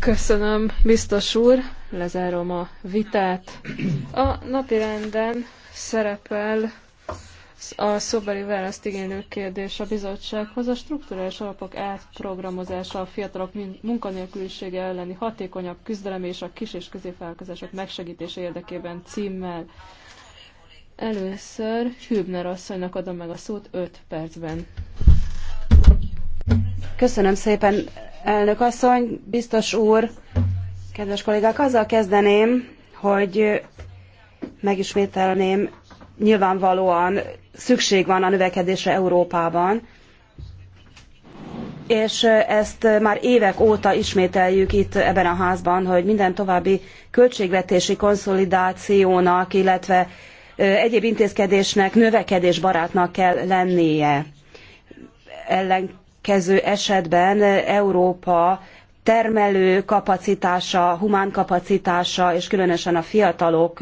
Köszönöm, biztos úr. Lezárom a vitát. A napirenden szerepel a szóbeli választ igénylő kérdés a bizottsághoz a strukturális alapok átprogramozása a fiatalok munkanélkülisége elleni hatékonyabb küzdelem és a kis- és középvállalkozások megsegítése érdekében címmel. Először Hübner asszonynak adom meg a szót 5 percben. Köszönöm szépen, elnök asszony, biztos úr, kedves kollégák. Azzal kezdeném, hogy megismételném, nyilvánvalóan szükség van a növekedésre Európában, és ezt már évek óta ismételjük itt ebben a házban, hogy minden további költségvetési konszolidációnak, illetve egyéb intézkedésnek növekedésbarátnak kell lennie. Ellen következő esetben Európa termelő kapacitása, humán kapacitása, és különösen a fiatalok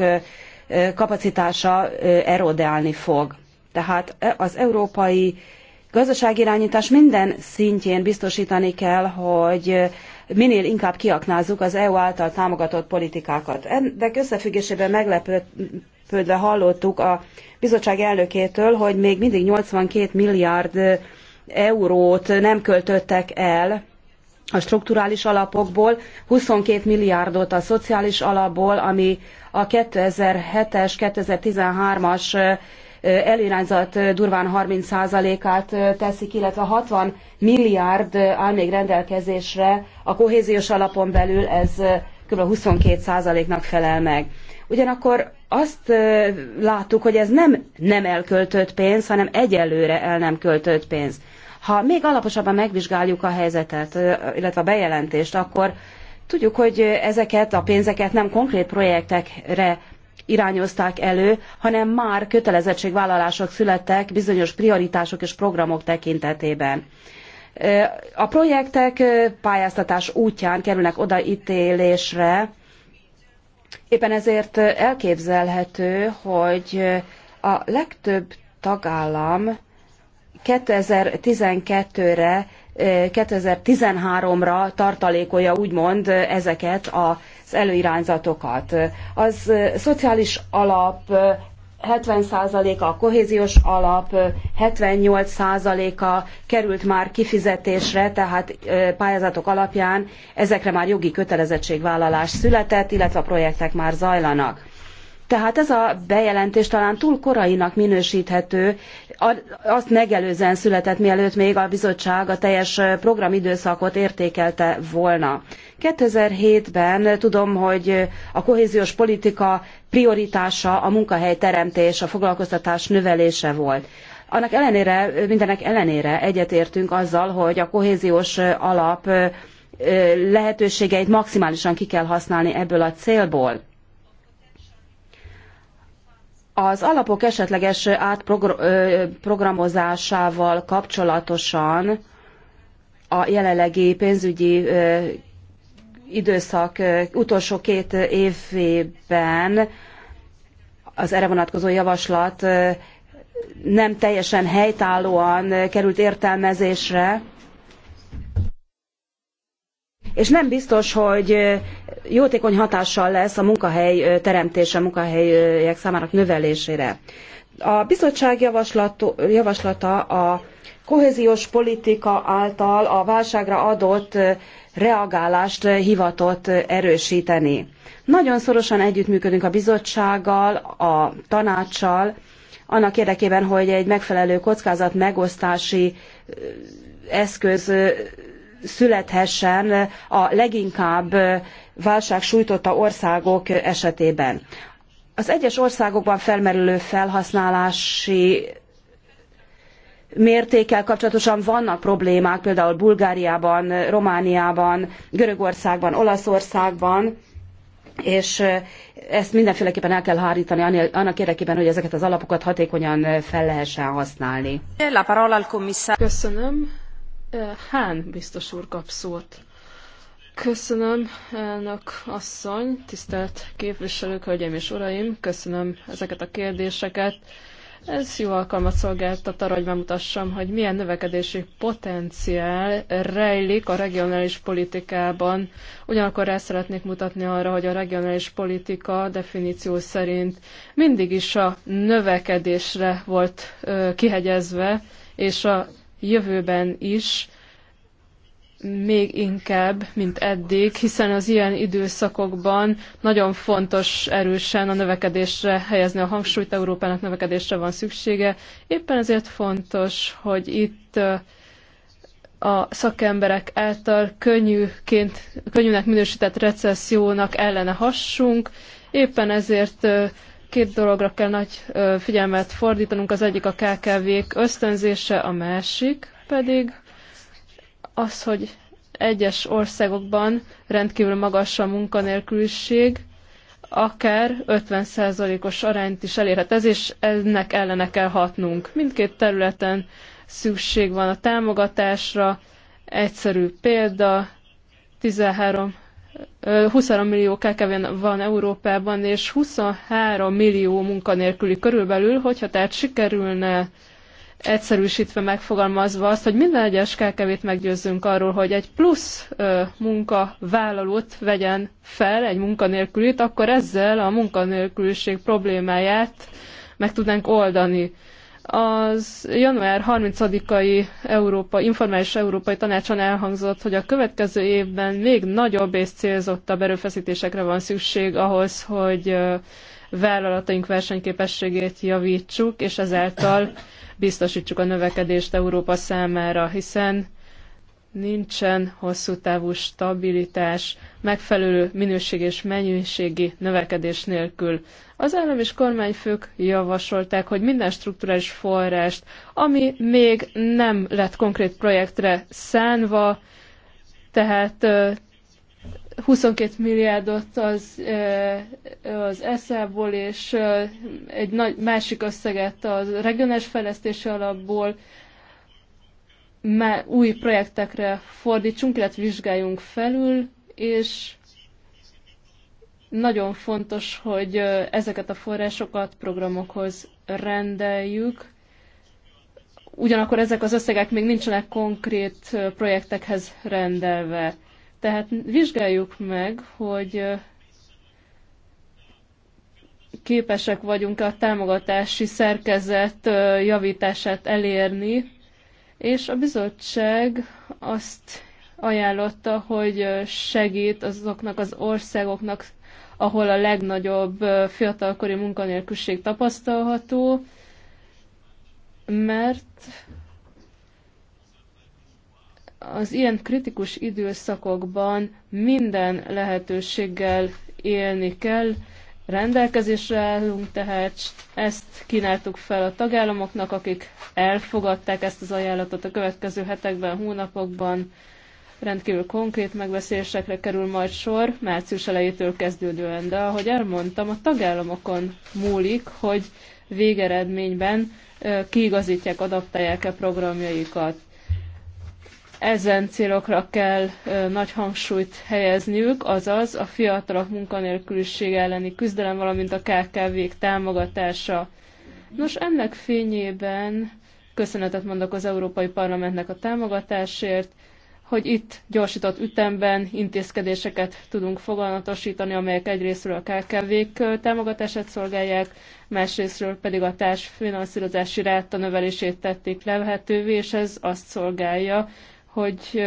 kapacitása erodálni fog. Tehát az európai gazdaságirányítás minden szintjén biztosítani kell, hogy minél inkább kiaknázzuk az EU által támogatott politikákat. Ennek összefüggésében meglepődve hallottuk a bizottság elnökétől, hogy még mindig 82 milliárd eurót nem költöttek el a strukturális alapokból, 22 milliárdot a szociális alapból, ami a 2007-es, 2013-as elirányzat durván 30%-át teszik, illetve 60 milliárd áll még rendelkezésre, a kohéziós alapon belül ez kb. 22%-nak felel meg. Ugyanakkor azt láttuk, hogy ez nem nem elköltött pénz, hanem egyelőre el nem költött pénz. Ha még alaposabban megvizsgáljuk a helyzetet, illetve a bejelentést, akkor tudjuk, hogy ezeket a pénzeket nem konkrét projektekre irányozták elő, hanem már kötelezettségvállalások születtek bizonyos prioritások és programok tekintetében. A projektek pályáztatás útján kerülnek odaítélésre, éppen ezért elképzelhető, hogy a legtöbb tagállam 2012-re, 2013-ra tartalékolja úgymond ezeket az előirányzatokat. Az szociális alap 70%-a a kohéziós alap, 78%-a került már kifizetésre, tehát pályázatok alapján ezekre már jogi kötelezettségvállalás született, illetve a projektek már zajlanak. Tehát ez a bejelentés talán túl korainak minősíthető, azt megelőzően született, mielőtt még a bizottság a teljes programidőszakot értékelte volna. 2007-ben tudom, hogy a kohéziós politika prioritása a munkahelyteremtés, a foglalkoztatás növelése volt. Annak ellenére, mindenek ellenére egyetértünk azzal, hogy a kohéziós alap lehetőségeit maximálisan ki kell használni ebből a célból. Az alapok esetleges átprogramozásával kapcsolatosan a jelenlegi pénzügyi időszak utolsó két évében az erre vonatkozó javaslat nem teljesen helytállóan került értelmezésre, és nem biztos, hogy jótékony hatással lesz a munkahely teremtése, a munkahelyek számának növelésére. A bizottság javaslata a kohéziós politika által a válságra adott reagálást hivatott erősíteni. Nagyon szorosan együttműködünk a bizottsággal, a tanácssal, annak érdekében, hogy egy megfelelő kockázat megosztási eszköz születhessen a leginkább válság sújtotta országok esetében. Az egyes országokban felmerülő felhasználási mértékkel kapcsolatosan vannak problémák, például Bulgáriában, Romániában, Görögországban, Olaszországban, és ezt mindenféleképpen el kell hárítani annak érdekében, hogy ezeket az alapokat hatékonyan fel lehessen használni. Köszönöm. Hán biztos úr kap szót. Köszönöm, elnök asszony, tisztelt képviselők, hölgyeim és uraim, köszönöm ezeket a kérdéseket. Ez jó alkalmat szolgáltat arra, hogy bemutassam, hogy milyen növekedési potenciál rejlik a regionális politikában. Ugyanakkor rá szeretnék mutatni arra, hogy a regionális politika definíció szerint mindig is a növekedésre volt ö, kihegyezve, és a jövőben is, még inkább, mint eddig, hiszen az ilyen időszakokban nagyon fontos erősen a növekedésre helyezni a hangsúlyt, Európának növekedésre van szüksége. Éppen ezért fontos, hogy itt a szakemberek által könnyűként, könnyűnek minősített recessziónak ellene hassunk. Éppen ezért Két dologra kell nagy figyelmet fordítanunk, az egyik a KKV-k ösztönzése, a másik pedig az, hogy egyes országokban rendkívül magas a munkanélküliség, akár 50%-os arányt is elérhet ez, és ennek ellene kell hatnunk. Mindkét területen szükség van a támogatásra. Egyszerű példa, 13 23 millió kkv van Európában, és 23 millió munkanélküli körülbelül, hogyha tehát sikerülne egyszerűsítve megfogalmazva azt, hogy minden egyes kkv meggyőzzünk arról, hogy egy plusz munkavállalót vegyen fel, egy munkanélkülit, akkor ezzel a munkanélküliség problémáját meg tudnánk oldani. Az január 30-ai Európa, informális európai tanácson elhangzott, hogy a következő évben még nagyobb és célzottabb erőfeszítésekre van szükség ahhoz, hogy vállalataink versenyképességét javítsuk, és ezáltal biztosítsuk a növekedést Európa számára, hiszen nincsen hosszú távú stabilitás, megfelelő minőség és mennyiségi növekedés nélkül. Az állam és kormányfők javasolták, hogy minden strukturális forrást, ami még nem lett konkrét projektre szánva, tehát 22 milliárdot az, az ESZA-ból, és egy nagy, másik összeget a regionális fejlesztési alapból, új projektekre fordítsunk, illetve vizsgáljunk felül, és nagyon fontos, hogy ezeket a forrásokat programokhoz rendeljük. Ugyanakkor ezek az összegek még nincsenek konkrét projektekhez rendelve. Tehát vizsgáljuk meg, hogy képesek vagyunk a támogatási szerkezet javítását elérni, és a bizottság azt ajánlotta, hogy segít azoknak az országoknak, ahol a legnagyobb fiatalkori munkanélküliség tapasztalható, mert az ilyen kritikus időszakokban minden lehetőséggel élni kell, rendelkezésre állunk, tehát ezt kínáltuk fel a tagállamoknak, akik elfogadták ezt az ajánlatot a következő hetekben, hónapokban. Rendkívül konkrét megbeszélésekre kerül majd sor, március elejétől kezdődően, de ahogy elmondtam, a tagállamokon múlik, hogy végeredményben kiigazítják, adaptálják-e programjaikat ezen célokra kell nagy hangsúlyt helyezniük, azaz a fiatalok munkanélküliség elleni küzdelem, valamint a KKV-k támogatása. Nos, ennek fényében köszönetet mondok az Európai Parlamentnek a támogatásért, hogy itt gyorsított ütemben intézkedéseket tudunk foganatosítani, amelyek egyrésztről a KKV-k támogatását szolgálják, másrésztről pedig a társfinanszírozási ráta növelését tették lehetővé, és ez azt szolgálja, hogy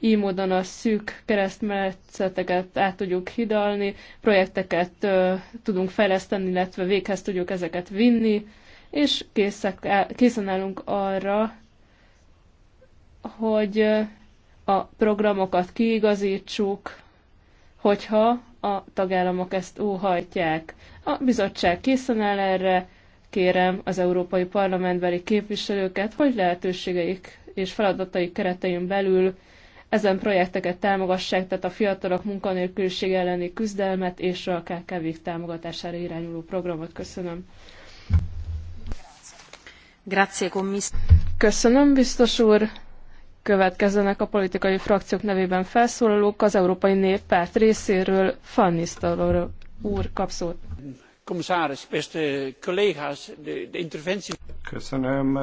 így módon a szűk keresztmetszeteket át tudjuk hidalni, projekteket tudunk fejleszteni, illetve véghez tudjuk ezeket vinni, és készek, készen állunk arra, hogy a programokat kiigazítsuk, hogyha a tagállamok ezt óhajtják. A bizottság készen áll erre, kérem az Európai Parlamentbeli képviselőket, hogy lehetőségeik és feladatai keretein belül ezen projekteket támogassák, tehát a fiatalok munkanélküliség elleni küzdelmet és a kkv támogatására irányuló programot. Köszönöm. Grazie, Köszönöm, biztos úr. Következzenek a politikai frakciók nevében felszólalók az Európai Néppárt részéről. Fannisztalor úr kapszót commissaris, beste collega's, de, de interventie... Köszönöm,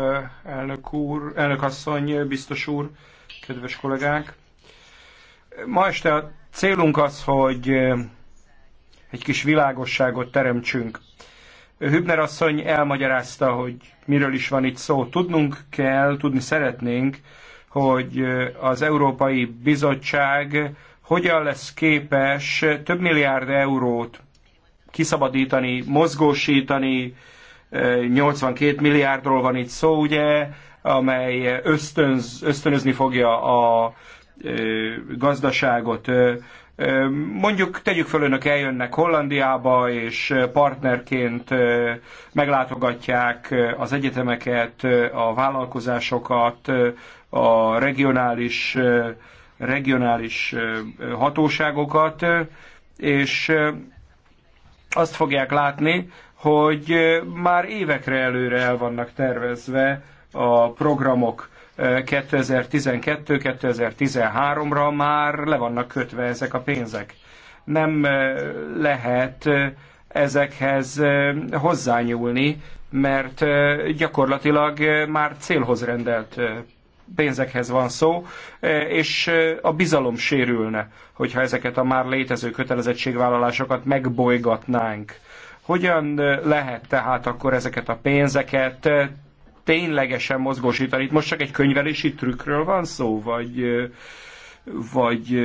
elnök úr, elnök asszony, biztos úr, kedves kollégák. Ma este a célunk az, hogy egy kis világosságot teremtsünk. Hübner asszony elmagyarázta, hogy miről is van itt szó. Tudnunk kell, tudni szeretnénk, hogy az Európai Bizottság hogyan lesz képes több milliárd eurót kiszabadítani, mozgósítani. 82 milliárdról van itt szó, ugye, amely ösztönz, ösztönözni fogja a gazdaságot. Mondjuk tegyük föl, önök eljönnek Hollandiába, és partnerként meglátogatják az egyetemeket, a vállalkozásokat, a regionális, regionális hatóságokat, és azt fogják látni, hogy már évekre előre el vannak tervezve a programok 2012-2013-ra már le vannak kötve ezek a pénzek. Nem lehet ezekhez hozzányúlni, mert gyakorlatilag már célhoz rendelt pénzekhez van szó, e, és e, a bizalom sérülne, hogyha ezeket a már létező kötelezettségvállalásokat megbolygatnánk. Hogyan e, lehet tehát akkor ezeket a pénzeket ténylegesen mozgósítani? Itt most csak egy könyvelési trükkről van szó, vagy, vagy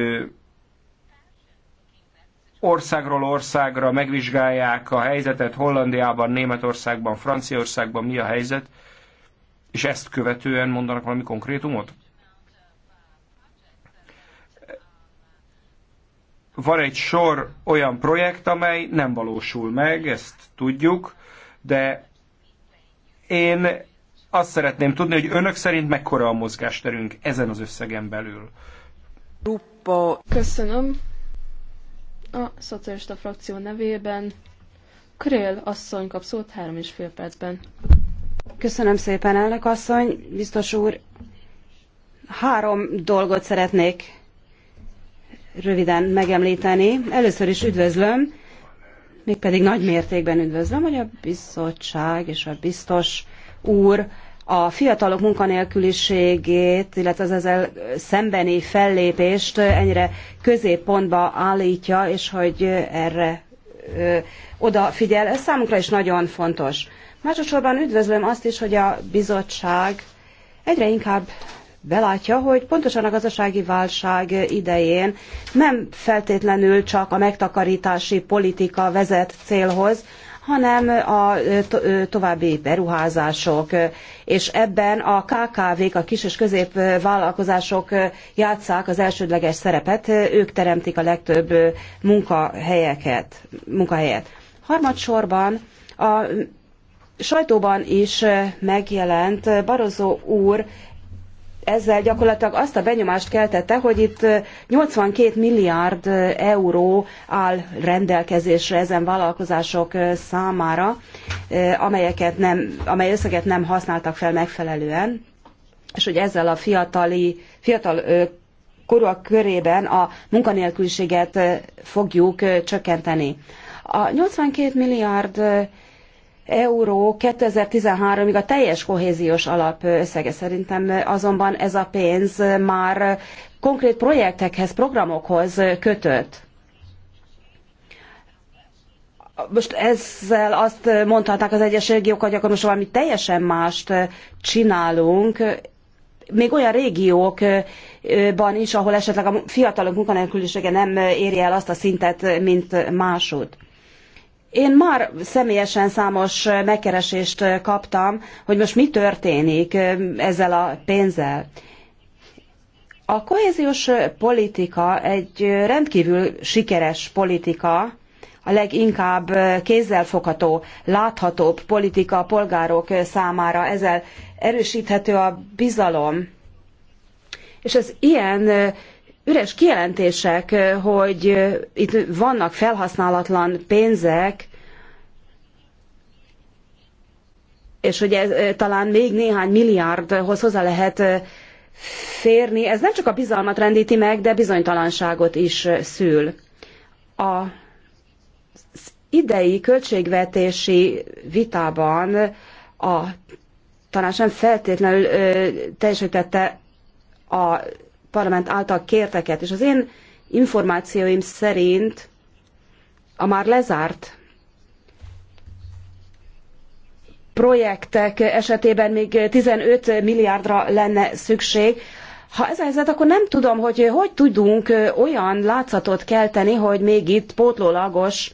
országról országra megvizsgálják a helyzetet Hollandiában, Németországban, Franciaországban, mi a helyzet? És ezt követően mondanak valami konkrétumot? Van egy sor olyan projekt, amely nem valósul meg, ezt tudjuk, de én azt szeretném tudni, hogy önök szerint mekkora a mozgásterünk ezen az összegen belül. Köszönöm. A szocialista frakció nevében Krél asszony kap szót három és fél percben. Köszönöm szépen, elnök asszony, biztos úr. Három dolgot szeretnék röviden megemlíteni. Először is üdvözlöm, mégpedig nagy mértékben üdvözlöm, hogy a bizottság és a biztos úr a fiatalok munkanélküliségét, illetve az ezzel szembeni fellépést ennyire középpontba állítja, és hogy erre odafigyel. Ez számunkra is nagyon fontos. Másodszorban üdvözlöm azt is, hogy a bizottság egyre inkább belátja, hogy pontosan a gazdasági válság idején nem feltétlenül csak a megtakarítási politika vezet célhoz, hanem a további beruházások, és ebben a KKV-k, a kis és középvállalkozások játszák az elsődleges szerepet, ők teremtik a legtöbb munkahelyeket, munkahelyet. Harmadsorban a sajtóban is megjelent Barozó úr, ezzel gyakorlatilag azt a benyomást keltette, hogy itt 82 milliárd euró áll rendelkezésre ezen vállalkozások számára, amelyeket nem, amely összeget nem használtak fel megfelelően, és hogy ezzel a fiatali, fiatal korúak körében a munkanélküliséget fogjuk csökkenteni. A 82 milliárd euró 2013-ig a teljes kohéziós alap összege. Szerintem azonban ez a pénz már konkrét projektekhez, programokhoz kötött. Most ezzel azt mondhatnák az egyes régiók, hogy akkor most valami teljesen mást csinálunk, még olyan régiókban is, ahol esetleg a fiatalok munkanélkülisége nem éri el azt a szintet, mint másod. Én már személyesen számos megkeresést kaptam, hogy most mi történik ezzel a pénzzel. A kohéziós politika egy rendkívül sikeres politika, a leginkább kézzelfogható, láthatóbb politika a polgárok számára. Ezzel erősíthető a bizalom. És az ilyen üres kijelentések, hogy itt vannak felhasználatlan pénzek, és hogy ez, talán még néhány milliárdhoz hozzá lehet férni, ez nem csak a bizalmat rendíti meg, de bizonytalanságot is szül. A idei költségvetési vitában a tanács nem feltétlenül teljesítette a parlament által kérteket, és az én információim szerint a már lezárt projektek esetében még 15 milliárdra lenne szükség. Ha ez a helyzet, akkor nem tudom, hogy hogy tudunk olyan látszatot kelteni, hogy még itt pótlólagos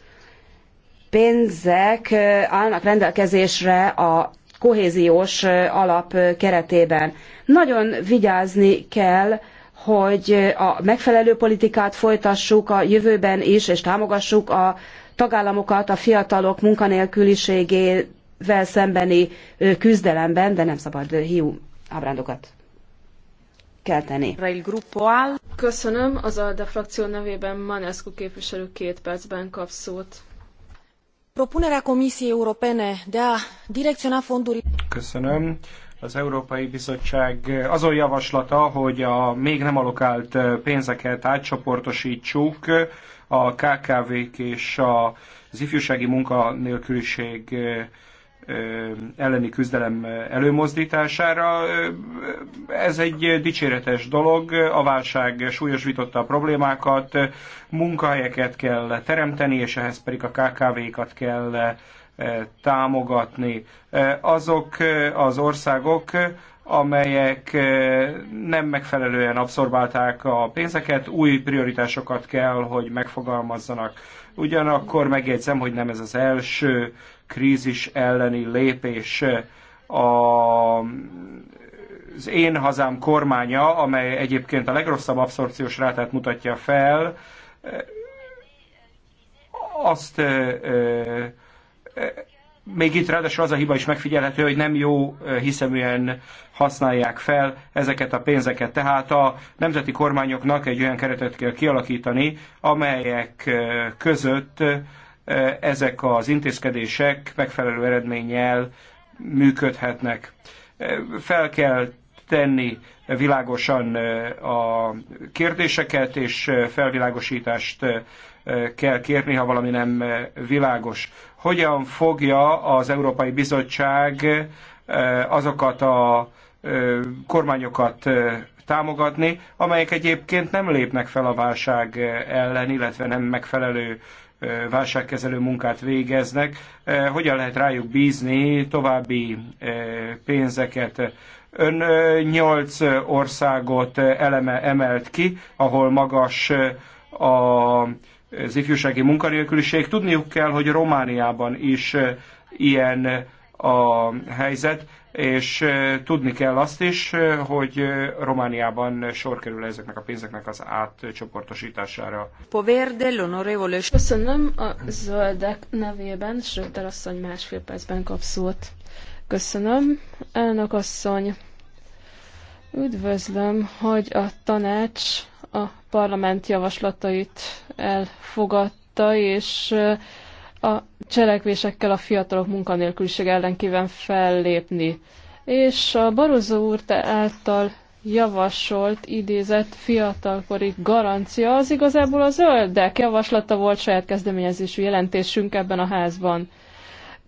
pénzek állnak rendelkezésre a kohéziós alap keretében. Nagyon vigyázni kell, hogy a megfelelő politikát folytassuk a jövőben is, és támogassuk a tagállamokat a fiatalok munkanélküliségével szembeni küzdelemben, de nem szabad hiú ábrándokat kelteni. Köszönöm, az a frakció nevében Manescu képviselő két percben kap szót. Propunerea Comisiei Europene de a direcționa fonduri... Köszönöm az Európai Bizottság eh, azon javaslata, hogy a még nem alokált eh, pénzeket átcsoportosítsuk eh, a KKV-k és az ifjúsági munkanélküliség elleni küzdelem előmozdítására. Ez egy dicséretes dolog, a válság súlyosította a problémákat, munkahelyeket kell teremteni, és ehhez pedig a KKV-kat kell támogatni. Azok az országok, amelyek nem megfelelően abszorbálták a pénzeket, új prioritásokat kell, hogy megfogalmazzanak. Ugyanakkor megjegyzem, hogy nem ez az első krízis elleni lépés. A, az én hazám kormánya, amely egyébként a legrosszabb abszorpciós rátát mutatja fel, azt még itt ráadásul az a hiba is megfigyelhető, hogy nem jó hiszeműen használják fel ezeket a pénzeket. Tehát a nemzeti kormányoknak egy olyan keretet kell kialakítani, amelyek között ezek az intézkedések megfelelő eredménnyel működhetnek. Fel kell tenni világosan a kérdéseket, és felvilágosítást kell kérni, ha valami nem eh, világos. Hogyan fogja az Európai Bizottság eh, azokat a eh, kormányokat támogatni, amelyek egyébként nem lépnek fel a válság ellen, illetve nem megfelelő válságkezelő munkát végeznek. Hogyan lehet rájuk bízni további pénzeket? Ön nyolc országot eleme, emelt ki, ahol magas a az ifjúsági munkanélküliség. Tudniuk kell, hogy Romániában is ilyen a helyzet, és tudni kell azt is, hogy Romániában sor kerül ezeknek a pénzeknek az átcsoportosítására. Poverde, l'onorevole. Köszönöm a zöldek nevében, sőt, asszony másfél percben kap szót. Köszönöm, elnök asszony. Üdvözlöm, hogy a tanács a parlament javaslatait elfogadta, és a cselekvésekkel a fiatalok munkanélküliség ellen kíván fellépni. És a Barozó úr által javasolt, idézett fiatalkori garancia az igazából a zöldek javaslata volt saját kezdeményezésű jelentésünk ebben a házban.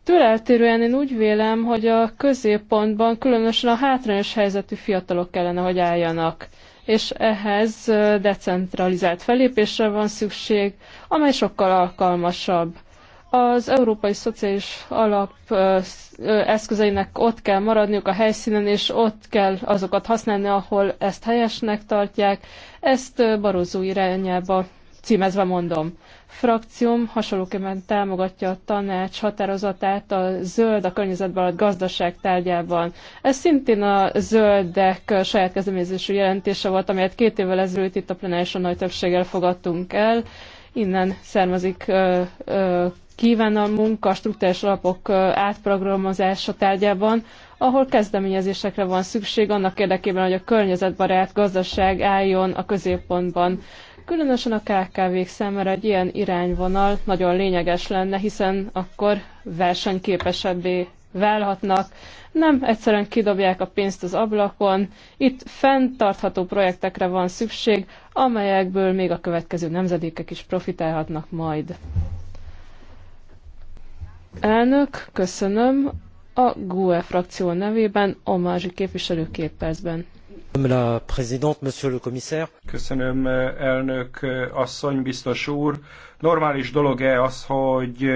Tőle eltérően én úgy vélem, hogy a középpontban különösen a hátrányos helyzetű fiatalok kellene, hogy álljanak és ehhez decentralizált felépésre van szükség, amely sokkal alkalmasabb. Az Európai Szociális Alap eszközeinek ott kell maradniuk a helyszínen, és ott kell azokat használni, ahol ezt helyesnek tartják. Ezt Barozó irányába címezve mondom frakcióm hasonlóképpen támogatja a tanács határozatát a zöld a környezetben a gazdaság tárgyában. Ez szintén a zöldek saját kezdeményezésű jelentése volt, amelyet két évvel ezelőtt itt a plenárison nagy többséggel fogadtunk el. Innen származik ö, ö, kívánalmunk a struktúrás alapok átprogramozása tárgyában, ahol kezdeményezésekre van szükség annak érdekében, hogy a környezetbarát gazdaság álljon a középpontban. Különösen a KKV-k számára egy ilyen irányvonal nagyon lényeges lenne, hiszen akkor versenyképesebbé válhatnak, nem egyszerűen kidobják a pénzt az ablakon, itt fenntartható projektekre van szükség, amelyekből még a következő nemzedékek is profitálhatnak majd. Elnök, köszönöm. A GUE frakció nevében másik képviselő két percben. La présidente, monsieur le commissaire. Köszönöm, elnök asszony, biztos úr. Normális dolog-e az, hogy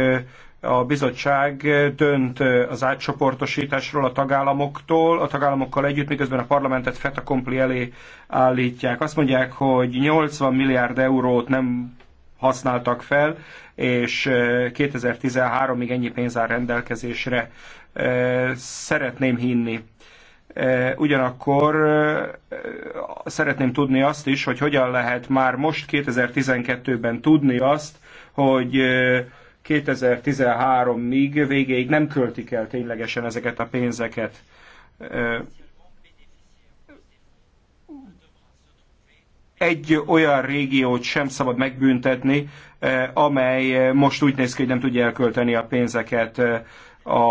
a bizottság dönt az átcsoportosításról a tagállamoktól, a tagállamokkal együtt, miközben a parlamentet feta kompli elé állítják. Azt mondják, hogy 80 milliárd eurót nem használtak fel, és 2013-ig ennyi pénz áll rendelkezésre. Szeretném hinni Ugyanakkor szeretném tudni azt is, hogy hogyan lehet már most 2012-ben tudni azt, hogy 2013-ig végéig nem költik el ténylegesen ezeket a pénzeket. Egy olyan régiót sem szabad megbüntetni, amely most úgy néz ki, hogy nem tudja elkölteni a pénzeket a,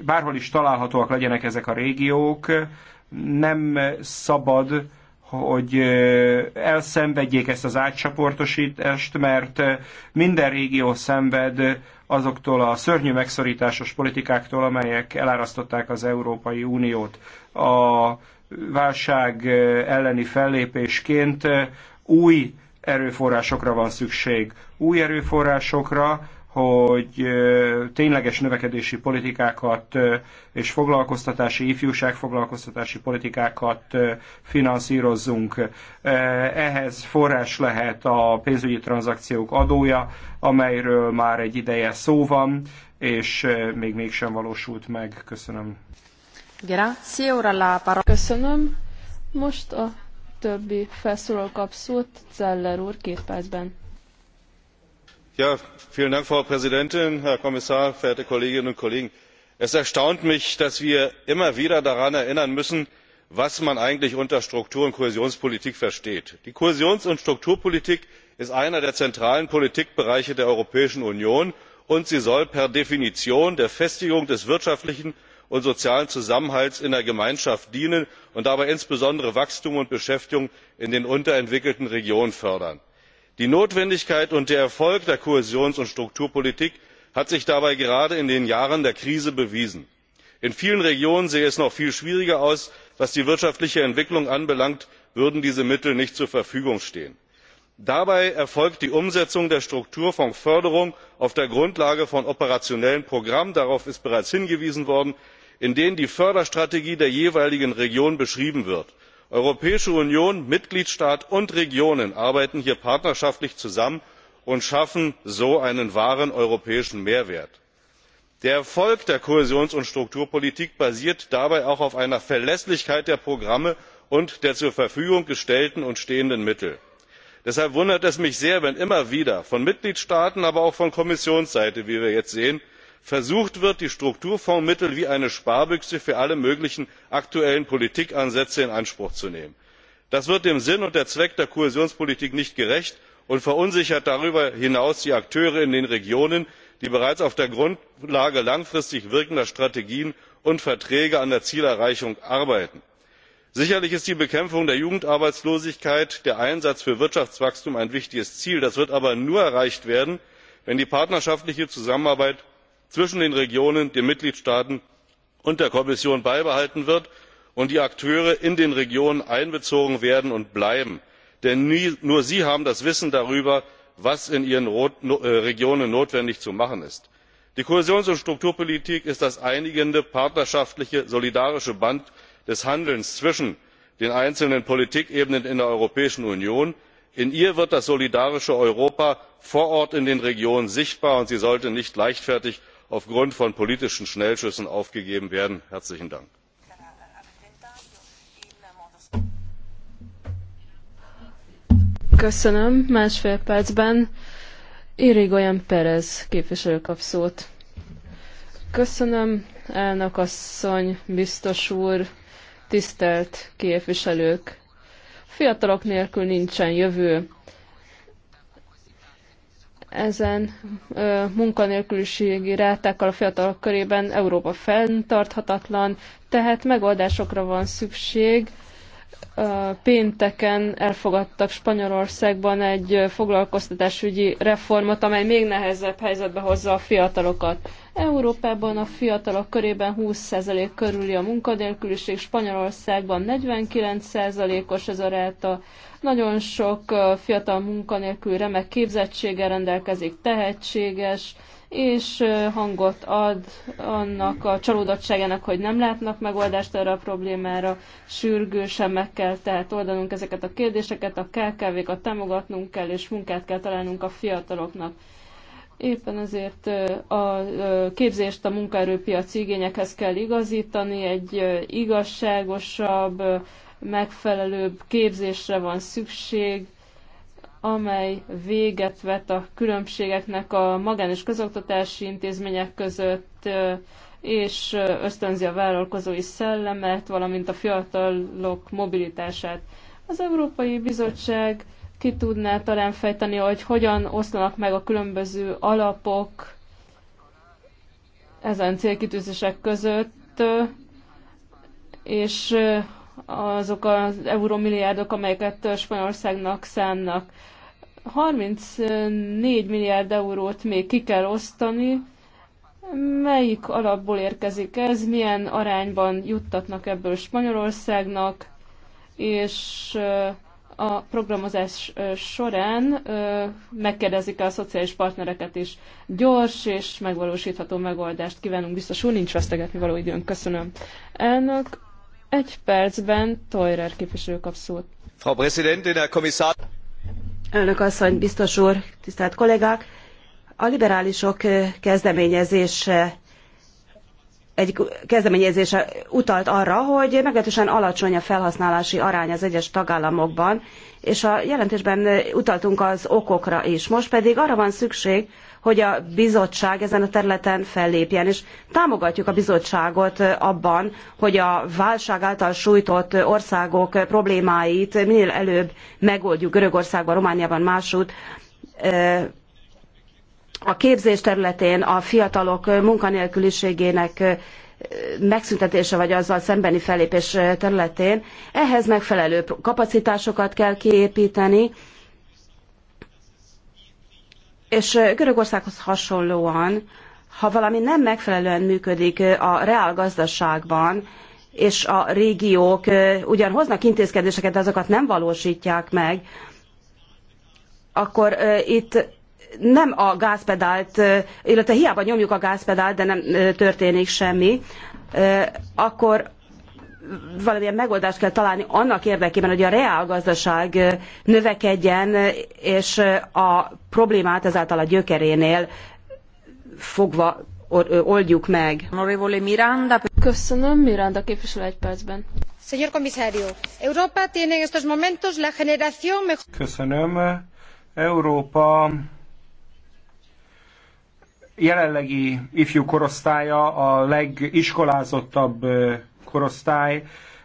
bárhol is találhatóak legyenek ezek a régiók, nem szabad, hogy elszenvedjék ezt az átcsoportosítást, mert minden régió szenved azoktól a szörnyű megszorításos politikáktól, amelyek elárasztották az Európai Uniót. A válság elleni fellépésként új erőforrásokra van szükség. Új erőforrásokra, hogy tényleges növekedési politikákat és foglalkoztatási, foglalkoztatási politikákat finanszírozzunk. Ehhez forrás lehet a pénzügyi tranzakciók adója, amelyről már egy ideje szó van, és még mégsem valósult meg. Köszönöm. Köszönöm. Most a többi felszólal kapszót Zeller úr két percben frau präsidentin herr kommissar verehrte kolleginnen und kollegen! es erstaunt mich dass wir immer wieder daran erinnern müssen was man eigentlich unter struktur und kohäsionspolitik versteht. die kohäsions und strukturpolitik ist einer der zentralen politikbereiche der europäischen union und sie soll per definition der festigung des wirtschaftlichen und sozialen zusammenhalts in der gemeinschaft dienen und dabei insbesondere wachstum und beschäftigung in den unterentwickelten regionen fördern die notwendigkeit und der erfolg der kohäsions und strukturpolitik haben sich dabei gerade in den jahren der krise bewiesen. in vielen regionen sähe es noch viel schwieriger aus was die wirtschaftliche entwicklung anbelangt würden diese mittel nicht zur verfügung stehen. dabei erfolgt die umsetzung der strukturfondsförderung auf der grundlage von operationellen programmen darauf ist bereits hingewiesen worden in denen die förderstrategie der jeweiligen region beschrieben wird europäische union mitgliedstaat und regionen arbeiten hier partnerschaftlich zusammen und schaffen so einen wahren europäischen mehrwert. der erfolg der kohäsions und strukturpolitik basiert dabei auch auf einer verlässlichkeit der programme und der zur verfügung gestellten und stehenden mittel. deshalb wundert es mich sehr wenn immer wieder von mitgliedstaaten aber auch von kommissionsseite wie wir jetzt sehen versucht wird die strukturfondsmittel wie eine sparbüchse für alle möglichen aktuellen politikansätze in anspruch zu nehmen. das wird dem sinn und dem zweck der kohäsionspolitik nicht gerecht und verunsichert darüber hinaus die akteure in den regionen die bereits auf der grundlage langfristig wirkender strategien und verträge an der zielerreichung arbeiten. sicherlich ist die bekämpfung der jugendarbeitslosigkeit der einsatz für wirtschaftswachstum ein wichtiges ziel das wird aber nur erreicht werden wenn die partnerschaftliche zusammenarbeit zwischen den regionen den mitgliedstaaten und der kommission beibehalten wird und die akteure in den regionen einbezogen werden und bleiben denn nur sie haben das wissen darüber was in ihren äh, regionen notwendig zu machen ist. die kohäsions und strukturpolitik ist das einigende partnerschaftliche solidarische band des handelns zwischen den einzelnen politikebenen in der europäischen union. in ihr wird das solidarische europa vor ort in den regionen sichtbar und sie sollte nicht leichtfertig aufgrund von politischen schnellschüssen aufgegeben werden. herzlichen dank! Köszönöm. Perez Köszönöm, elnök asszony, biztos úr, tisztelt képviselők. Fiatalok nélkül nincsen jövő ezen ö, munkanélküliségi rátákkal a fiatalok körében Európa fenntarthatatlan, tehát megoldásokra van szükség, pénteken elfogadtak Spanyolországban egy foglalkoztatásügyi reformot, amely még nehezebb helyzetbe hozza a fiatalokat. Európában a fiatalok körében 20% körüli a munkanélküliség, Spanyolországban 49%-os ez a ráta. Nagyon sok fiatal munkanélkül remek képzettséggel rendelkezik, tehetséges, és hangot ad annak a csalódottságának, hogy nem látnak megoldást erre a problémára, sürgősen meg kell tehát oldanunk ezeket a kérdéseket, a KKV-kat támogatnunk kell, és munkát kell találnunk a fiataloknak. Éppen ezért a képzést a munkaerőpiaci igényekhez kell igazítani, egy igazságosabb, megfelelőbb képzésre van szükség, amely véget vet a különbségeknek a magán- és közoktatási intézmények között, és ösztönzi a vállalkozói szellemet, valamint a fiatalok mobilitását. Az Európai Bizottság ki tudná talán fejteni, hogy hogyan oszlanak meg a különböző alapok ezen célkitűzések között, és azok az euromilliárdok, amelyeket Spanyolországnak szánnak. 34 milliárd eurót még ki kell osztani. Melyik alapból érkezik ez? Milyen arányban juttatnak ebből Spanyolországnak? És a programozás során megkérdezik a szociális partnereket is. Gyors és megvalósítható megoldást kívánunk biztosul, nincs vesztegetni való időnk. Köszönöm. Elnök, egy percben Toyrer képviselő kap szót. Frau Präsidentin, Herr Kommissar! Elnök asszony, biztos úr, tisztelt kollégák! A liberálisok kezdeményezése egy kezdeményezése utalt arra, hogy meglehetősen alacsony a felhasználási arány az egyes tagállamokban, és a jelentésben utaltunk az okokra is. Most pedig arra van szükség, hogy a bizottság ezen a területen fellépjen, és támogatjuk a bizottságot abban, hogy a válság által sújtott országok problémáit minél előbb megoldjuk Görögországban, Romániában, másút, a képzés területén a fiatalok munkanélküliségének megszüntetése vagy azzal szembeni fellépés területén. Ehhez megfelelő kapacitásokat kell kiépíteni, és Görögországhoz hasonlóan, ha valami nem megfelelően működik a reál gazdaságban, és a régiók ugyan hoznak intézkedéseket, de azokat nem valósítják meg, akkor itt nem a gázpedált, illetve hiába nyomjuk a gázpedált, de nem történik semmi, akkor valamilyen megoldást kell találni annak érdekében, hogy a reálgazdaság növekedjen, és a problémát ezáltal a gyökerénél fogva oldjuk meg. Miranda. Köszönöm, Miranda képviselő egy percben. Señor comisario, Europa tiene en estos momentos la generación mejor... Köszönöm. Európa jelenlegi ifjú korosztálya a legiskolázottabb korosztály,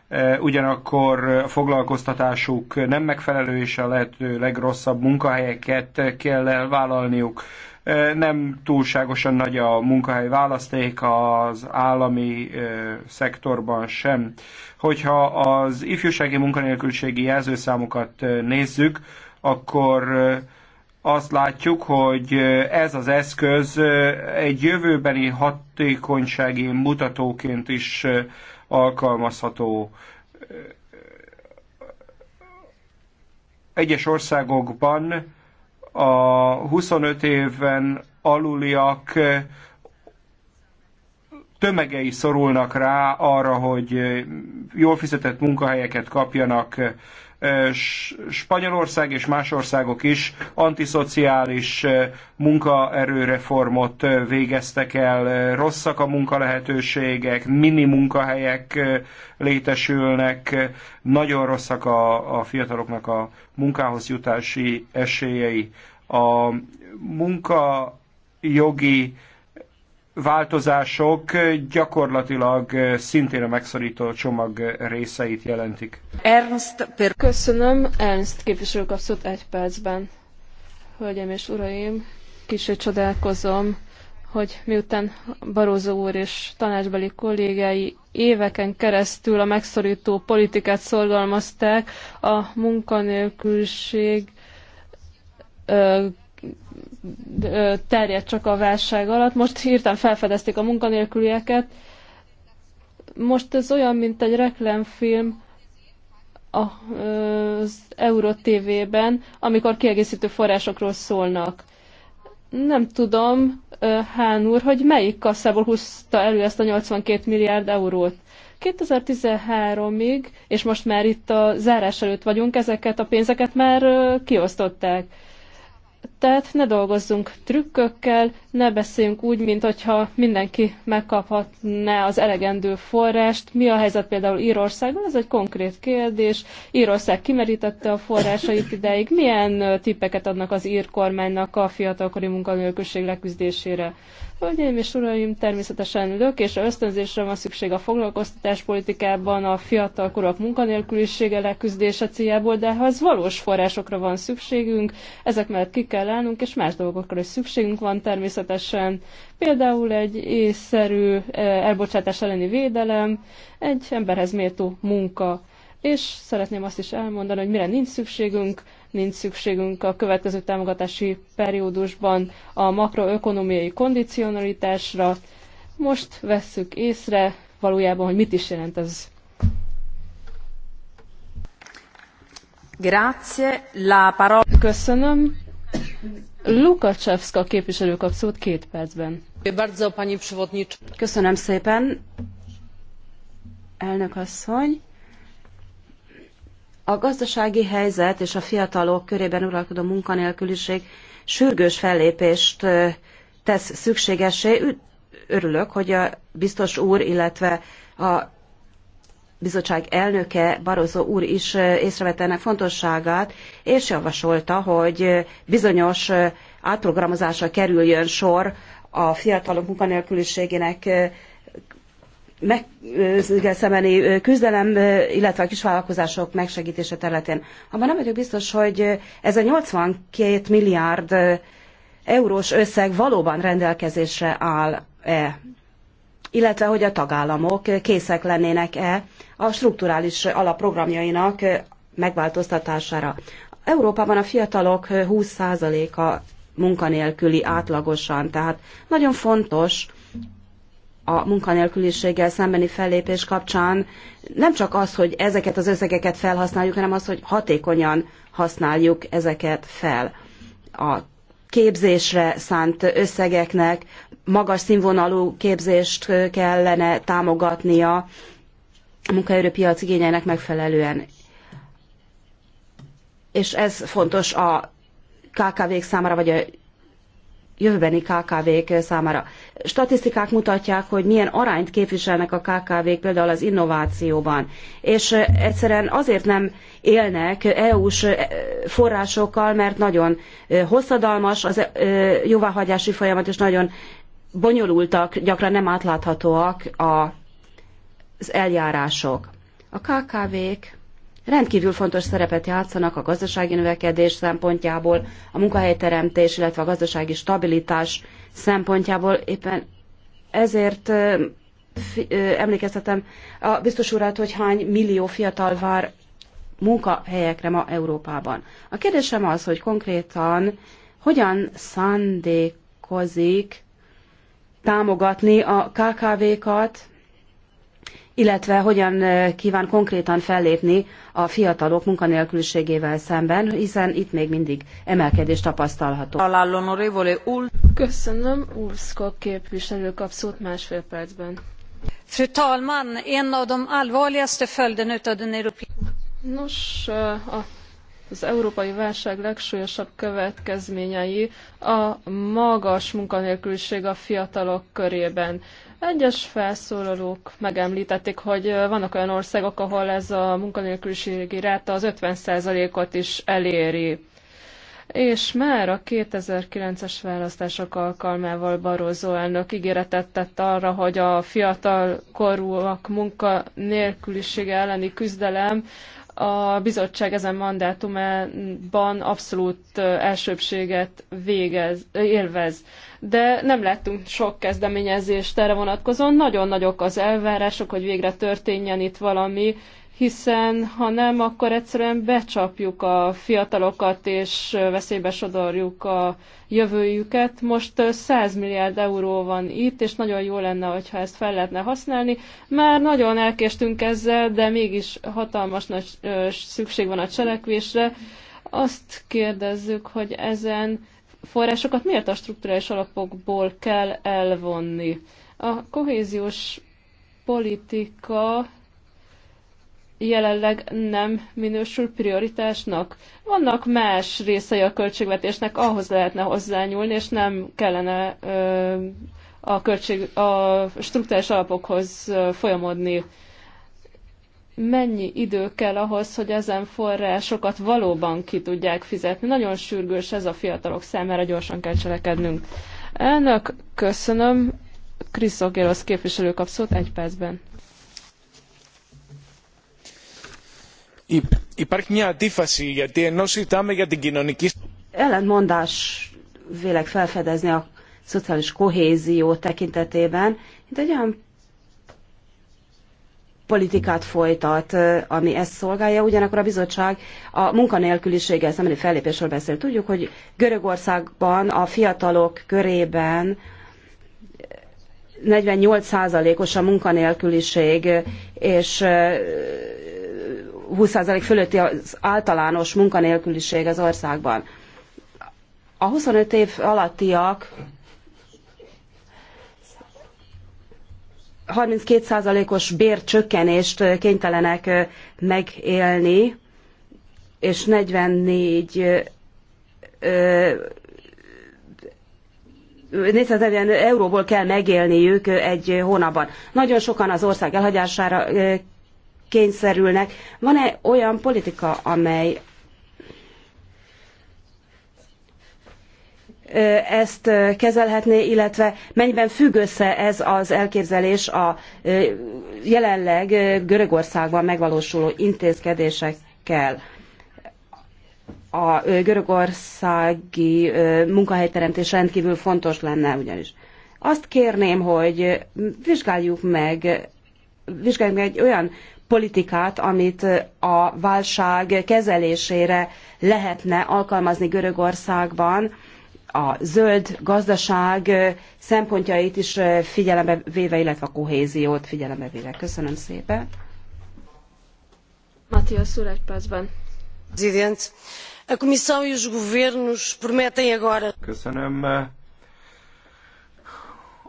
e, ugyanakkor a foglalkoztatásuk nem megfelelő, és a lehető legrosszabb munkahelyeket kell elvállalniuk. E, nem túlságosan nagy a munkahely választék az állami e, szektorban sem. Hogyha az ifjúsági munkanélküliségi jelzőszámokat nézzük, akkor azt látjuk, hogy ez az eszköz egy jövőbeni hatékonysági mutatóként is alkalmazható. Eh, egyes országokban a 25 éven aluliak eh, tömegei szorulnak rá arra, hogy eh, jól fizetett munkahelyeket kapjanak, Spanyolország és más országok is antiszociális munkaerőreformot végeztek el, rosszak a munkalehetőségek, mini munkahelyek létesülnek, nagyon rosszak a, a fiataloknak a munkához jutási esélyei. A munkajogi változások gyakorlatilag szintén a megszorító csomag részeit jelentik. Ernst, per... Köszönöm, Ernst képviselő kapszott egy percben. Hölgyeim és uraim, kicsit csodálkozom, hogy miután Barózó úr és tanácsbeli kollégái éveken keresztül a megszorító politikát szorgalmazták, a munkanélküliség terjed csak a válság alatt. Most hirtelen felfedezték a munkanélkülieket. Most ez olyan, mint egy reklámfilm az Euro TV-ben, amikor kiegészítő forrásokról szólnak. Nem tudom, Hán úr, hogy melyik kasszából húzta elő ezt a 82 milliárd eurót. 2013-ig, és most már itt a zárás előtt vagyunk, ezeket a pénzeket már kiosztották. Tehát ne dolgozzunk trükkökkel, ne beszéljünk úgy, mint hogyha mindenki megkaphatná az elegendő forrást. Mi a helyzet például Írországban? Ez egy konkrét kérdés. Írország kimerítette a forrásait ideig. Milyen tippeket adnak az ír kormánynak a fiatalkori munkanélküliség leküzdésére? Hölgyeim és uraim, természetesen a ösztönzésre van szükség a foglalkoztatás politikában a fiatal korok munkanélkülisége leküzdése céljából, de ha az valós forrásokra van szükségünk, ezek mellett ki kell állnunk, és más dolgokra is szükségünk van természetesen. Például egy észszerű eh, elbocsátás elleni védelem, egy emberhez méltó munka. És szeretném azt is elmondani, hogy mire nincs szükségünk, nincs szükségünk a következő támogatási periódusban a makroökonomiai kondicionalitásra. Most vesszük észre valójában, hogy mit is jelent ez. Grazie, la parola. Köszönöm. Lukacsevska képviselő kap szót két percben. Köszönöm szépen, elnök asszony. A gazdasági helyzet és a fiatalok körében uralkodó munkanélküliség sürgős fellépést tesz szükségessé. Örülök, hogy a biztos úr, illetve a bizottság elnöke Barozó úr is észrevette ennek fontosságát, és javasolta, hogy bizonyos átprogramozásra kerüljön sor a fiatalok munkanélküliségének meg kell szemeni küzdelem, illetve a kisvállalkozások megsegítése területén. Abban nem vagyok biztos, hogy ez a 82 milliárd eurós összeg valóban rendelkezésre áll-e, illetve hogy a tagállamok készek lennének-e a strukturális alapprogramjainak megváltoztatására. Európában a fiatalok 20%-a munkanélküli átlagosan, tehát nagyon fontos, a munkanélküliséggel szembeni fellépés kapcsán nem csak az, hogy ezeket az összegeket felhasználjuk, hanem az, hogy hatékonyan használjuk ezeket fel. A képzésre szánt összegeknek magas színvonalú képzést kellene támogatnia a munkaerőpiac igényeinek megfelelően. És ez fontos a KKV-k számára, vagy a jövőbeni KKV-k számára. Statisztikák mutatják, hogy milyen arányt képviselnek a KKV-k például az innovációban, és egyszerűen azért nem élnek EU-s forrásokkal, mert nagyon hosszadalmas az jóváhagyási folyamat, és nagyon bonyolultak, gyakran nem átláthatóak az eljárások. A KKV-k rendkívül fontos szerepet játszanak a gazdasági növekedés szempontjából, a munkahelyteremtés, illetve a gazdasági stabilitás szempontjából. Éppen ezért emlékeztetem a biztos urat, hogy hány millió fiatal vár munkahelyekre ma Európában. A kérdésem az, hogy konkrétan hogyan szándékozik támogatni a KKV-kat, illetve hogyan kíván konkrétan fellépni a fiatalok munkanélküliségével szemben, hiszen itt még mindig emelkedés tapasztalható. Köszönöm, Urszka képviselő kap szót másfél percben. Fru talman, en av de allvarligaste följderna av den Nos, a az európai válság legsúlyosabb következményei a magas munkanélküliség a fiatalok körében. Egyes felszólalók megemlítették, hogy vannak olyan országok, ahol ez a munkanélküliségi ráta az 50%-ot is eléri. És már a 2009-es választások alkalmával Barroso elnök ígéretet tett arra, hogy a fiatal korúak munkanélkülisége elleni küzdelem a bizottság ezen mandátumában abszolút elsőbséget végez, élvez. De nem láttunk sok kezdeményezést erre vonatkozóan. Nagyon nagyok az elvárások, hogy végre történjen itt valami, hiszen ha nem, akkor egyszerűen becsapjuk a fiatalokat és veszélybe sodorjuk a jövőjüket. Most 100 milliárd euró van itt, és nagyon jó lenne, hogyha ezt fel lehetne használni. Már nagyon elkéstünk ezzel, de mégis hatalmas nagy szükség van a cselekvésre. Azt kérdezzük, hogy ezen forrásokat miért a strukturális alapokból kell elvonni. A kohéziós politika jelenleg nem minősül prioritásnak. Vannak más részei a költségvetésnek, ahhoz lehetne hozzányúlni, és nem kellene ö, a, költség, a struktúrás alapokhoz folyamodni. Mennyi idő kell ahhoz, hogy ezen forrásokat valóban ki tudják fizetni? Nagyon sürgős ez a fiatalok számára, gyorsan kell cselekednünk. Elnök, köszönöm. Krisz Ogérosz képviselő kap szót egy percben. Υπάρχει μια αντίφαση γιατί ενώ συζητάμε για την κοινωνική... vélek felfedezni a szociális kohézió tekintetében, mint egy olyan politikát folytat, ami ezt szolgálja, ugyanakkor a bizottság a munkanélküliséggel szembeni fellépésről beszél. Tudjuk, hogy Görögországban a fiatalok körében 48%-os a munkanélküliség, és 20% fölötti az általános munkanélküliség az országban. A 25 év alattiak 32%-os bércsökkenést kénytelenek megélni, és 44 440 euróból kell megélniük egy hónapban. Nagyon sokan az ország elhagyására kényszerülnek. Van-e olyan politika, amely ezt kezelhetné, illetve mennyiben függ össze ez az elképzelés a jelenleg Görögországban megvalósuló intézkedésekkel? A görögországi munkahelyteremtés rendkívül fontos lenne ugyanis. Azt kérném, hogy vizsgáljuk meg, vizsgáljuk meg egy olyan politikát, amit a válság kezelésére lehetne alkalmazni Görögországban, a zöld gazdaság szempontjait is figyelembe véve, illetve a kohéziót figyelembe véve. Köszönöm szépen. Matthias úr, percben. Presidente, a Comissão e os governos prometem agora. Köszönöm.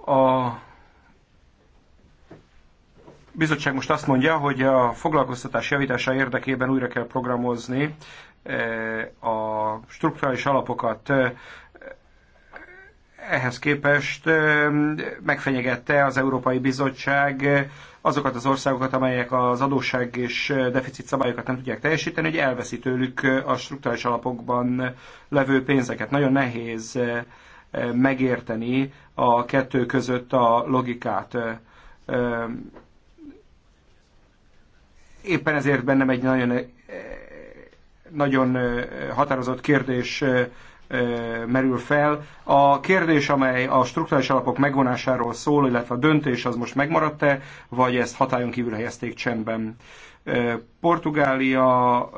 A bizottság most azt mondja, hogy a foglalkoztatás javítása érdekében újra kell programozni eh, a strukturális alapokat. Eh, ehhez képest eh, megfenyegette az Európai Bizottság azokat az országokat, amelyek az adósság és deficit szabályokat nem tudják teljesíteni, hogy elveszi tőlük a strukturális alapokban levő pénzeket. Nagyon nehéz megérteni a kettő között a logikát éppen ezért bennem egy nagyon, eh, nagyon eh, határozott kérdés eh, merül fel. A kérdés, amely a struktúrális alapok megvonásáról szól, illetve a döntés, az most megmaradt-e, vagy ezt hatályon kívül helyezték csendben. Portugália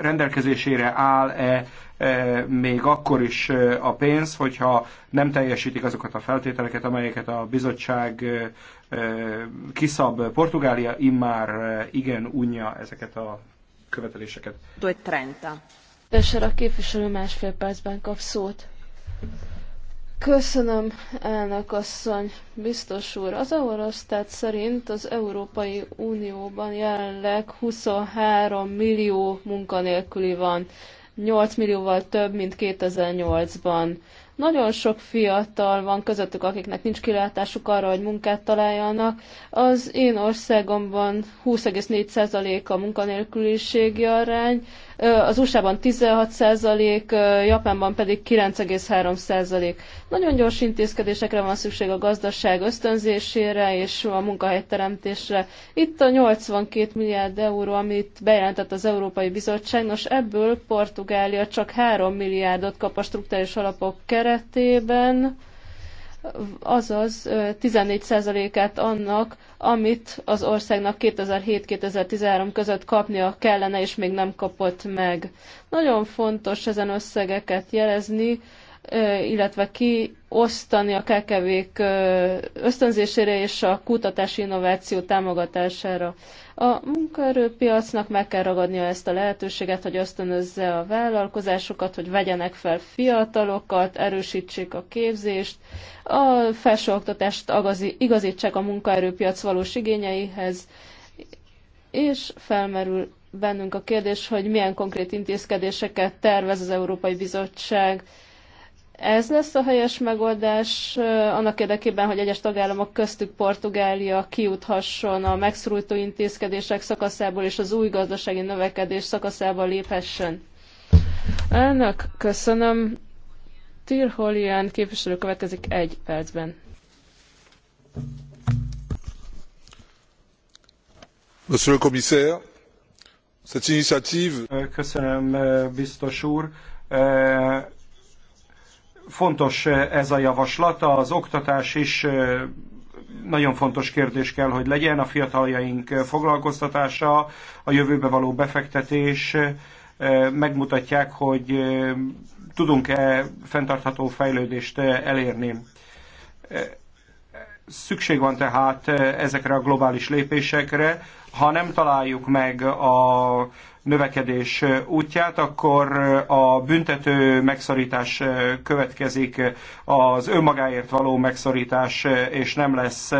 rendelkezésére áll-e Eh, még akkor is eh, a pénz, hogyha nem teljesítik azokat a feltételeket, amelyeket a bizottság eh, kiszab. Portugália immár igen unja ezeket a követeléseket. Trenta. Ösör a képviselő másfél percben kap szót. Köszönöm, elnök asszony, biztos úr. Az Eurostat szerint az Európai Unióban jelenleg 23 millió munkanélküli van. 8 millióval több, mint 2008-ban. Nagyon sok fiatal van közöttük, akiknek nincs kilátásuk arra, hogy munkát találjanak. Az én országomban 20,4% a munkanélküliségi arány, az USA-ban 16%, Japánban pedig 9,3%. Nagyon gyors intézkedésekre van szükség a gazdaság ösztönzésére és a munkahelyteremtésre. Itt a 82 milliárd euró, amit bejelentett az Európai Bizottság, nos ebből Portugália csak 3 milliárdot kap a struktúrális alapok keretében, azaz 14%-át annak, amit az országnak 2007-2013 között kapnia kellene, és még nem kapott meg. Nagyon fontos ezen összegeket jelezni, illetve kiosztani a KKV-k ösztönzésére és a kutatási innováció támogatására. A munkaerőpiacnak meg kell ragadnia ezt a lehetőséget, hogy ösztönözze a vállalkozásokat, hogy vegyenek fel fiatalokat, erősítsék a képzést, a felsőoktatást igazítsák a munkaerőpiac valós igényeihez, és felmerül bennünk a kérdés, hogy milyen konkrét intézkedéseket tervez az Európai Bizottság ez lesz a helyes megoldás annak érdekében, hogy egyes tagállamok köztük Portugália kiuthasson a megszorultó intézkedések szakaszából és az új gazdasági növekedés szakaszába léphessen. Elnök, köszönöm. Tirholian képviselő következik egy percben. Monsieur le commissaire, cette initiative... Köszönöm, biztos úr Fontos eh, ez a javaslat, az oktatás is eh, nagyon fontos kérdés kell, hogy legyen a fiataljaink eh, foglalkoztatása, a jövőbe való befektetés, megmutatják, hogy tudunk-e fenntartható fejlődést elérni. Szükség van tehát eh, ezekre a globális lépésekre. Ha nem találjuk meg a növekedés eh, útját, akkor eh, a büntető megszorítás következik, az önmagáért való megszorítás, és nem lesz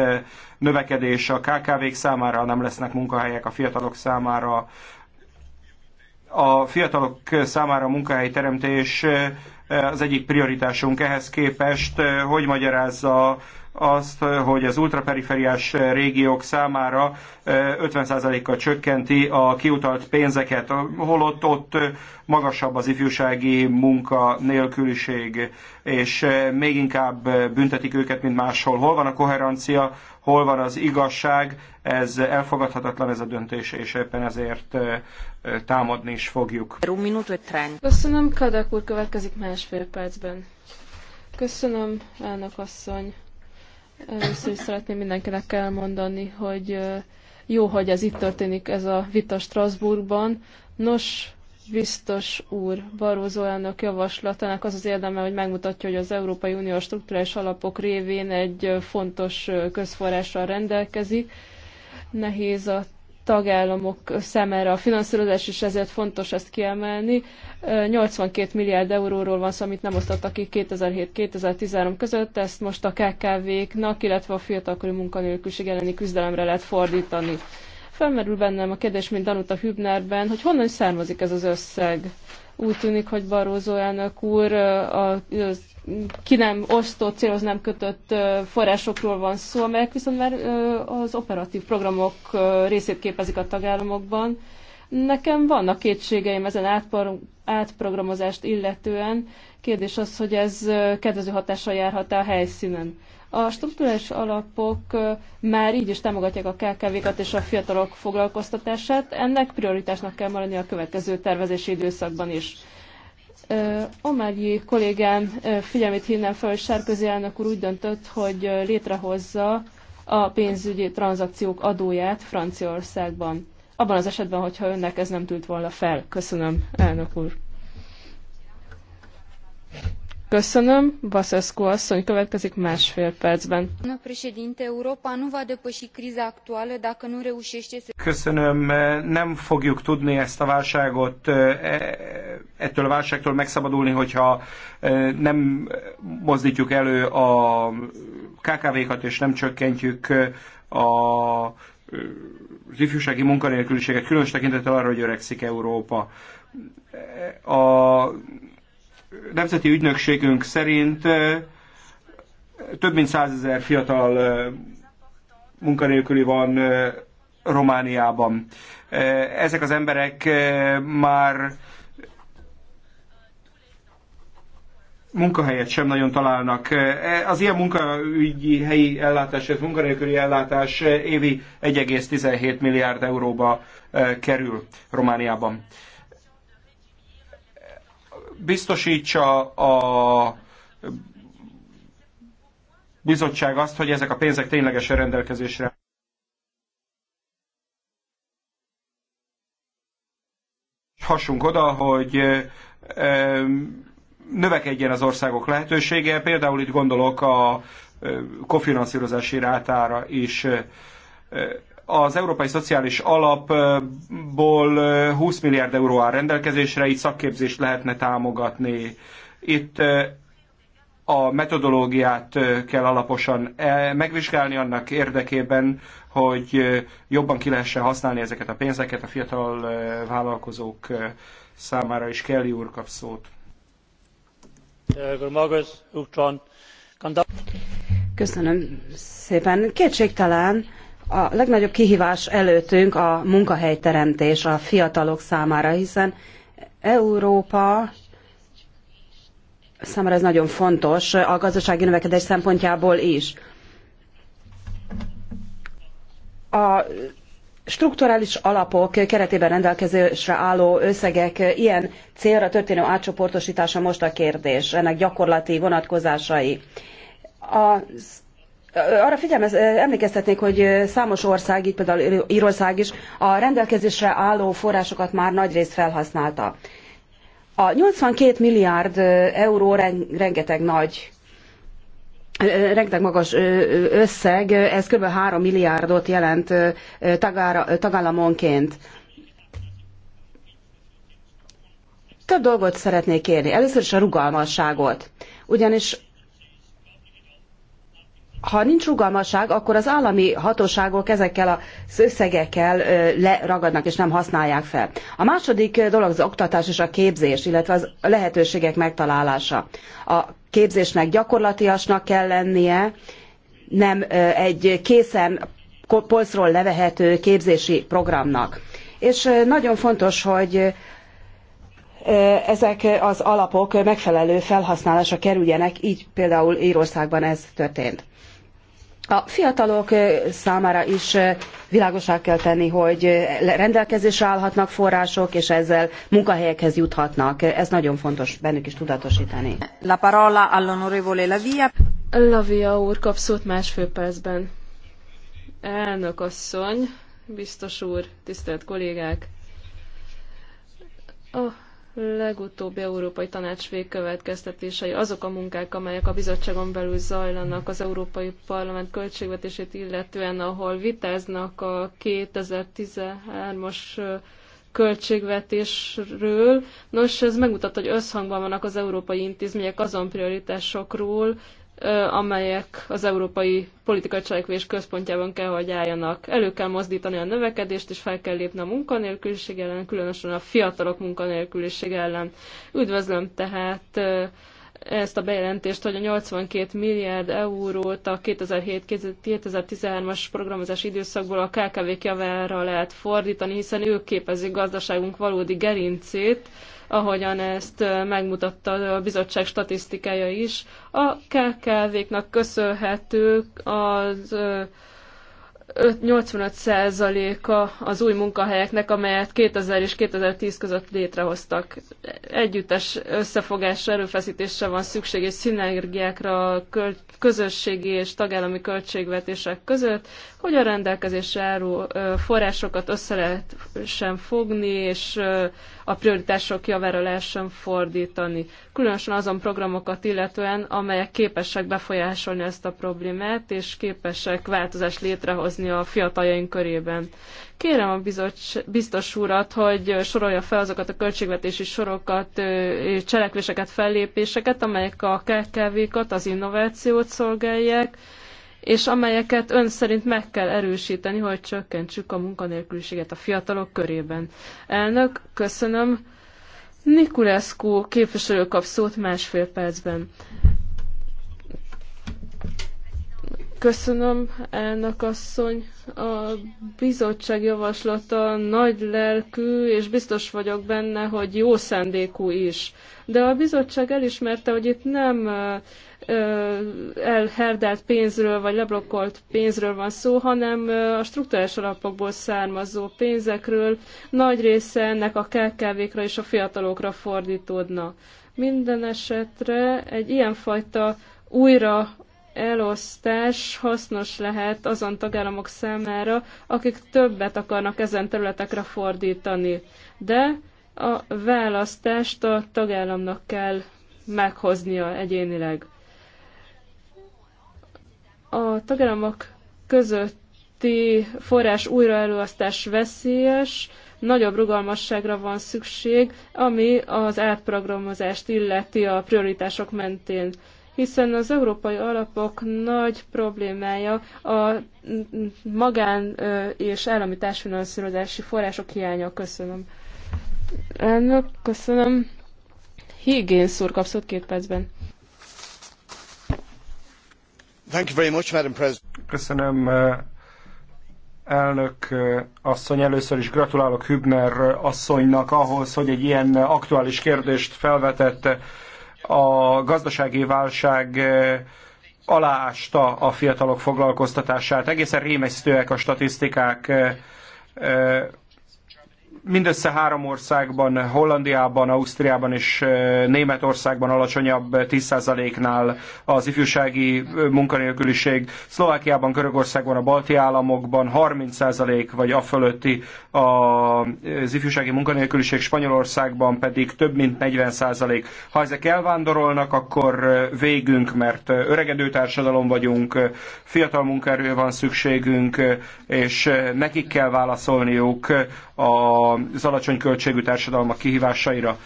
növekedés a KKV-k számára, nem lesznek munkahelyek a fiatalok számára. A fiatalok számára munkahely teremtés az egyik prioritásunk ehhez képest. Hogy magyarázza azt, hogy az ultraperiferiás régiók számára 50%-kal csökkenti a kiutalt pénzeket, holott ott magasabb az ifjúsági munka nélküliség, és még inkább büntetik őket, mint máshol. Hol van a koherencia, hol van az igazság, ez elfogadhatatlan ez a döntés, és éppen ezért támadni is fogjuk. E Köszönöm, Kadek úr következik másfél percben. Köszönöm, elnök asszony. Először is szeretném mindenkinek elmondani, hogy jó, hogy ez itt történik, ez a vita Strasbourgban. Nos, biztos úr, Barózó elnök javaslatának az az érdeme, hogy megmutatja, hogy az Európai Unió struktúrális alapok révén egy fontos közforrással rendelkezik. Nehéz a tagállamok számára a finanszírozás, és ezért fontos ezt kiemelni. 82 milliárd euróról van szó, amit nem osztottak ki 2007-2013 között, ezt most a KKV-knak, illetve a fiatalkori munkanélküliség elleni küzdelemre lehet fordítani. Felmerül bennem a kérdés, mint Danuta Hübnerben, hogy honnan származik ez az összeg. Úgy tűnik, hogy Barózó elnök úr a ki nem osztott, célhoz nem kötött forrásokról van szó, amelyek viszont már az operatív programok részét képezik a tagállamokban. Nekem vannak kétségeim ezen átprogramozást illetően. Kérdés az, hogy ez kedvező hatással járhat a helyszínen. A struktúrális alapok már így is támogatják a KKV-kat és a fiatalok foglalkoztatását. Ennek prioritásnak kell maradni a következő tervezési időszakban is. Omárgyi kollégám figyelmét hívnám fel, hogy Sárközi elnök úr úgy döntött, hogy létrehozza a pénzügyi tranzakciók adóját Franciaországban. Abban az esetben, hogyha önnek ez nem tűnt volna fel. Köszönöm, elnök úr. Köszönöm. Baszeszko asszony következik másfél percben. Köszönöm. Nem fogjuk tudni ezt a válságot, e, e, ettől a válságtól megszabadulni, hogyha e, nem mozdítjuk elő a KKV-kat és nem csökkentjük a az ifjúsági munkanélküliséget, különös tekintettel arra, hogy öregszik Európa. A nemzeti ügynökségünk szerint több mint százezer fiatal munkanélküli van Romániában. Ezek az emberek már munkahelyet sem nagyon találnak. Az ilyen munkaügyi helyi ellátás, ez munkanélküli ellátás évi 1,17 milliárd euróba kerül Romániában biztosítsa a bizottság azt, hogy ezek a pénzek ténylegesen rendelkezésre hassunk oda, hogy növekedjen az országok lehetősége. Például itt gondolok a kofinanszírozási rátára is az Európai Szociális Alapból 20 milliárd euró áll rendelkezésre, itt szakképzést lehetne támogatni. Itt a metodológiát kell alaposan e, megvizsgálni annak érdekében, hogy jobban ki lehessen használni ezeket a pénzeket a fiatal vállalkozók számára is. Kelly úr kap szót. Köszönöm szépen. Kétségtelen, a legnagyobb kihívás előttünk a munkahelyteremtés a fiatalok számára, hiszen Európa számára ez nagyon fontos a gazdasági növekedés szempontjából is. A strukturális alapok keretében rendelkezésre álló összegek ilyen célra történő átcsoportosítása most a kérdés, ennek gyakorlati vonatkozásai. Az arra figyelmez, emlékeztetnék, hogy számos ország, így például Írország is, a rendelkezésre álló forrásokat már nagyrészt felhasználta. A 82 milliárd euró rengeteg nagy rengeteg magas összeg, ez kb. 3 milliárdot jelent tagállamonként. Több dolgot szeretnék kérni. Először is a rugalmasságot. Ugyanis ha nincs rugalmasság, akkor az állami hatóságok ezekkel az összegekkel leragadnak és nem használják fel. A második dolog az oktatás és a képzés, illetve az lehetőségek megtalálása. A képzésnek gyakorlatiasnak kell lennie, nem egy készen polcról levehető képzési programnak. És nagyon fontos, hogy ezek az alapok megfelelő felhasználásra kerüljenek, így például Írországban ez történt a fiatalok számára is világosá kell tenni, hogy rendelkezésre állhatnak források, és ezzel munkahelyekhez juthatnak. Ez nagyon fontos bennük is tudatosítani. La parola all'onorevole Lavia. Lavia úr kap szót másfél percben. Elnök asszony, biztos úr, tisztelt kollégák. A legutóbbi Európai Tanács végkövetkeztetései, azok a munkák, amelyek a bizottságon belül zajlanak az Európai Parlament költségvetését illetően, ahol vitáznak a 2013-as költségvetésről. Nos, ez megmutat, hogy összhangban vannak az európai intézmények azon prioritásokról, amelyek az európai politikai cselekvés központjában kell, hogy álljanak. Elő kell mozdítani a növekedést, és fel kell lépni a munkanélküliség ellen, különösen a fiatalok munkanélküliség ellen. Üdvözlöm tehát ezt a bejelentést, hogy a 82 milliárd eurót a 2007-2013-as programozás időszakból a KKV javára lehet fordítani, hiszen ők képezik gazdaságunk valódi gerincét, ahogyan ezt megmutatta a bizottság statisztikája is. A KKV-knak köszönhető az 85%-a az új munkahelyeknek, amelyet 2000 és 2010 között létrehoztak. Együttes összefogásra, erőfeszítésre van szükség, és szinergiákra a közösségi és tagállami költségvetések között, hogy a rendelkezésre álló forrásokat össze lehet sem fogni, és a prioritások javára lehessen fordítani. Különösen azon programokat illetően, amelyek képesek befolyásolni ezt a problémát, és képesek változást létrehozni létrehozni a fiataljaink körében. Kérem a biztos urat, hogy sorolja fel azokat a költségvetési sorokat, cselekvéseket, fellépéseket, amelyek a KKV-kat, az innovációt szolgálják, és amelyeket ön szerint meg kell erősíteni, hogy csökkentsük a munkanélküliséget a fiatalok körében. Elnök, köszönöm. Nikulescu képviselő kap szót másfél percben. Köszönöm, elnök asszony. A bizottság javaslata nagy lelkű, és biztos vagyok benne, hogy jó szándékú is. De a bizottság elismerte, hogy itt nem elherdelt pénzről, vagy leblokkolt pénzről van szó, hanem a struktúrás alapokból származó pénzekről nagy része ennek a KKV-kra és a fiatalokra fordítódna. Minden esetre egy ilyenfajta újra elosztás hasznos lehet azon tagállamok számára, akik többet akarnak ezen területekre fordítani. De a választást a tagállamnak kell meghoznia egyénileg. A tagállamok közötti forrás újraelosztás veszélyes, nagyobb rugalmasságra van szükség, ami az átprogramozást illeti a prioritások mentén hiszen az európai alapok nagy problémája a magán és állami társfinanszírozási források hiánya. Köszönöm. Elnök, köszönöm. Higén szúr kapszott két percben. Thank you very much, Madam President. Köszönöm, elnök asszony, először is gratulálok Hübner asszonynak ahhoz, hogy egy ilyen aktuális kérdést felvetett a gazdasági válság eh, aláásta a fiatalok foglalkoztatását. Egészen rémesztőek a statisztikák eh, eh, mindössze három országban, Hollandiában, Ausztriában és Németországban alacsonyabb 10%-nál az ifjúsági munkanélküliség, Szlovákiában, Görögországban, a balti államokban 30% vagy a fölötti az ifjúsági munkanélküliség, Spanyolországban pedig több mint 40%. Ha ezek elvándorolnak, akkor végünk, mert öregedő társadalom vagyunk, fiatal munkaerő van szükségünk, és nekik kell válaszolniuk az alacsony költségű társadalmak kihívásaira.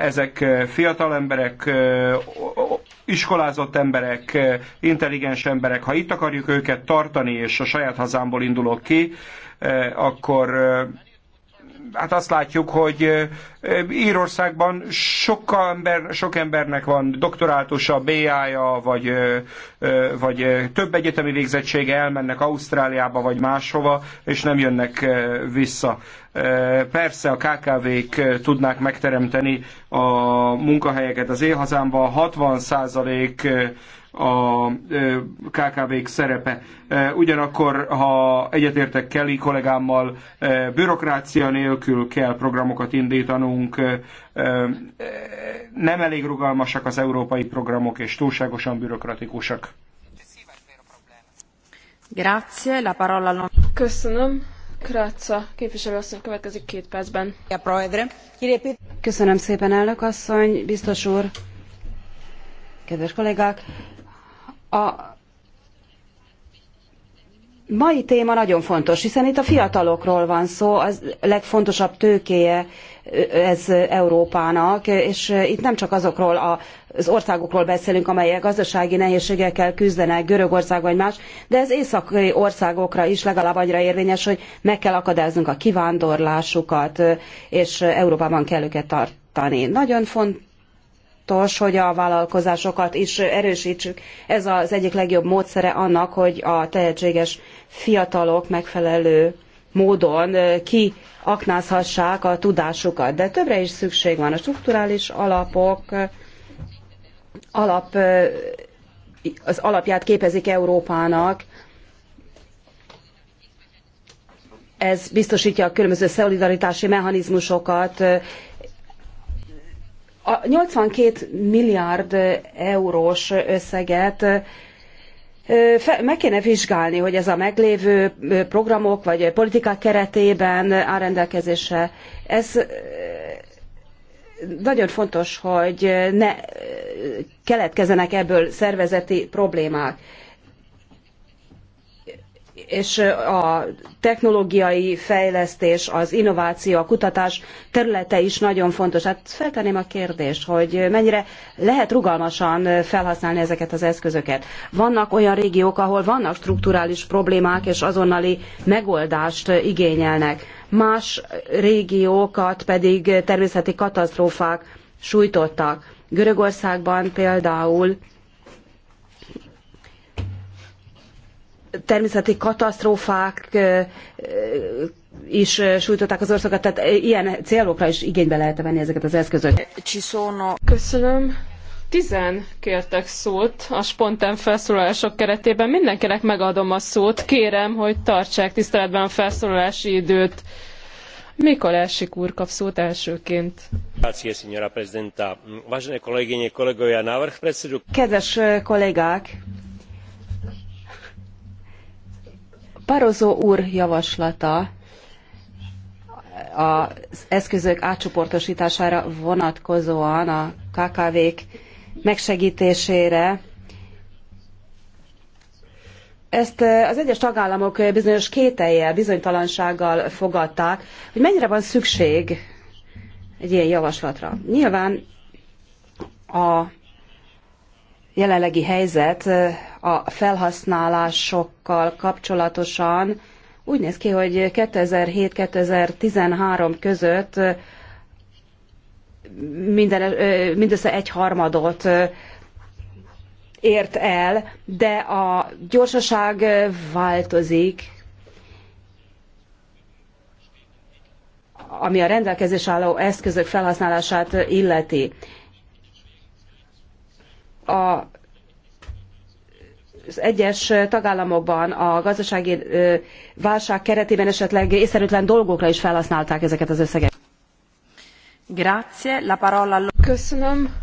Ezek fiatal emberek, iskolázott emberek, intelligens emberek. Ha itt akarjuk őket tartani, és a saját hazámból indulok ki, akkor hát azt látjuk, hogy Írországban sok, ember, sok embernek van doktorátusa, BA-ja, vagy, vagy több egyetemi végzettsége, elmennek Ausztráliába, vagy máshova, és nem jönnek vissza. Persze a KKV-k tudnák megteremteni a munkahelyeket az én hazámban, 60 százalék a KKV-k szerepe. Ugyanakkor, ha egyetértek Kelly kollégámmal, bürokrácia nélkül kell programokat indítanunk, nem elég rugalmasak az európai programok, és túlságosan bürokratikusak. Grazie, la parola Köszönöm. Kratza képviselő asszony következik két percben. Köszönöm szépen, elnök asszony, biztos úr, kedves kollégák! A mai téma nagyon fontos, hiszen itt a fiatalokról van szó, az legfontosabb tőkéje ez Európának, és itt nem csak azokról az országokról beszélünk, amelyek gazdasági nehézségekkel küzdenek, Görögország vagy más, de ez északi országokra is legalább annyira érvényes, hogy meg kell akadályoznunk a kivándorlásukat, és Európában kell őket tartani. Nagyon fontos fontos, hogy a vállalkozásokat is erősítsük. Ez az egyik legjobb módszere annak, hogy a tehetséges fiatalok megfelelő módon kiaknázhassák a tudásukat. De többre is szükség van. A strukturális alapok alap, az alapját képezik Európának, ez biztosítja a különböző szolidaritási mechanizmusokat, a 82 milliárd eurós összeget meg kéne vizsgálni, hogy ez a meglévő programok vagy politikák keretében áll rendelkezésre. Ez nagyon fontos, hogy ne keletkezenek ebből szervezeti problémák és a technológiai fejlesztés, az innováció, a kutatás területe is nagyon fontos. Hát feltenném a kérdést, hogy mennyire lehet rugalmasan felhasználni ezeket az eszközöket. Vannak olyan régiók, ahol vannak strukturális problémák, és azonnali megoldást igényelnek. Más régiókat pedig természeti katasztrófák sújtottak. Görögországban például természeti katasztrófák is sújtották az országot, tehát ilyen célokra is igénybe lehet venni ezeket az eszközöket. Köszönöm. Tizen kértek szót a spontán felszólalások keretében. Mindenkinek megadom a szót. Kérem, hogy tartsák tiszteletben a felszólalási időt. Mikolásik úr kap szót elsőként. Kedves kollégák! Barozó úr javaslata az eszközök átcsoportosítására vonatkozóan a KKV-k megsegítésére. Ezt az egyes tagállamok bizonyos kételjel, bizonytalansággal fogadták, hogy mennyire van szükség egy ilyen javaslatra. Nyilván a jelenlegi helyzet a felhasználásokkal kapcsolatosan úgy néz ki, hogy 2007-2013 között minden, mindössze egy harmadot ért el, de a gyorsaság változik, ami a rendelkezés álló eszközök felhasználását illeti. A az egyes tagállamokban a gazdasági válság keretében esetleg észszerűtlen dolgokra is felhasználták ezeket az összegeket. Grazie, la parola... Köszönöm.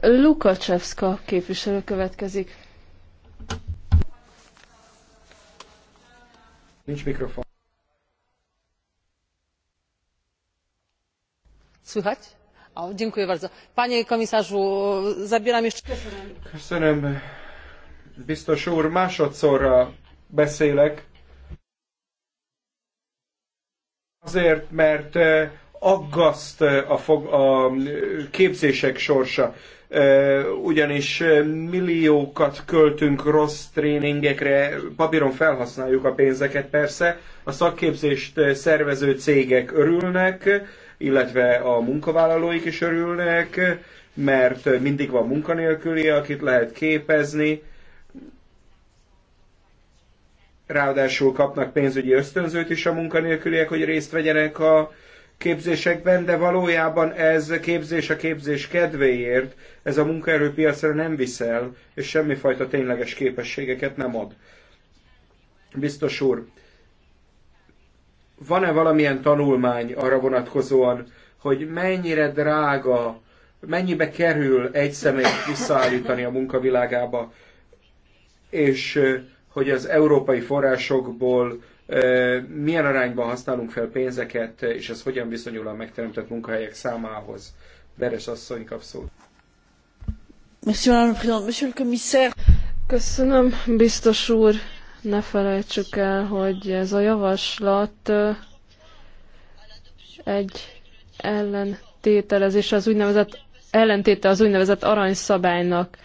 Lukacsevska képviselő következik. Nincs mikrofon. Słychać? O, dziękuję bardzo. Panie komisarzu, zabieram jeszcze... Köszönöm. Köszönöm Biztos úr, másodszorra beszélek. Azért, mert aggaszt a, fog, a képzések sorsa. Ugyanis milliókat költünk rossz tréningekre, papíron felhasználjuk a pénzeket persze, a szakképzést szervező cégek örülnek, illetve a munkavállalóik is örülnek, mert mindig van munkanélküli, akit lehet képezni, ráadásul kapnak pénzügyi ösztönzőt is a munkanélküliek, hogy részt vegyenek a képzésekben, de valójában ez képzés a képzés kedvéért, ez a munkaerőpiacra nem viszel, és semmifajta tényleges képességeket nem ad. Biztos úr, van-e valamilyen tanulmány arra vonatkozóan, hogy mennyire drága, mennyibe kerül egy személyt visszaállítani a munkavilágába, és hogy az európai forrásokból e, milyen arányban használunk fel pénzeket, és ez hogyan viszonyul a megteremtett munkahelyek számához. Beres asszony kap szót. Köszönöm, biztos úr. Ne felejtsük el, hogy ez a javaslat e, egy ellentételezés, az úgynevezett ellentéte az úgynevezett aranyszabálynak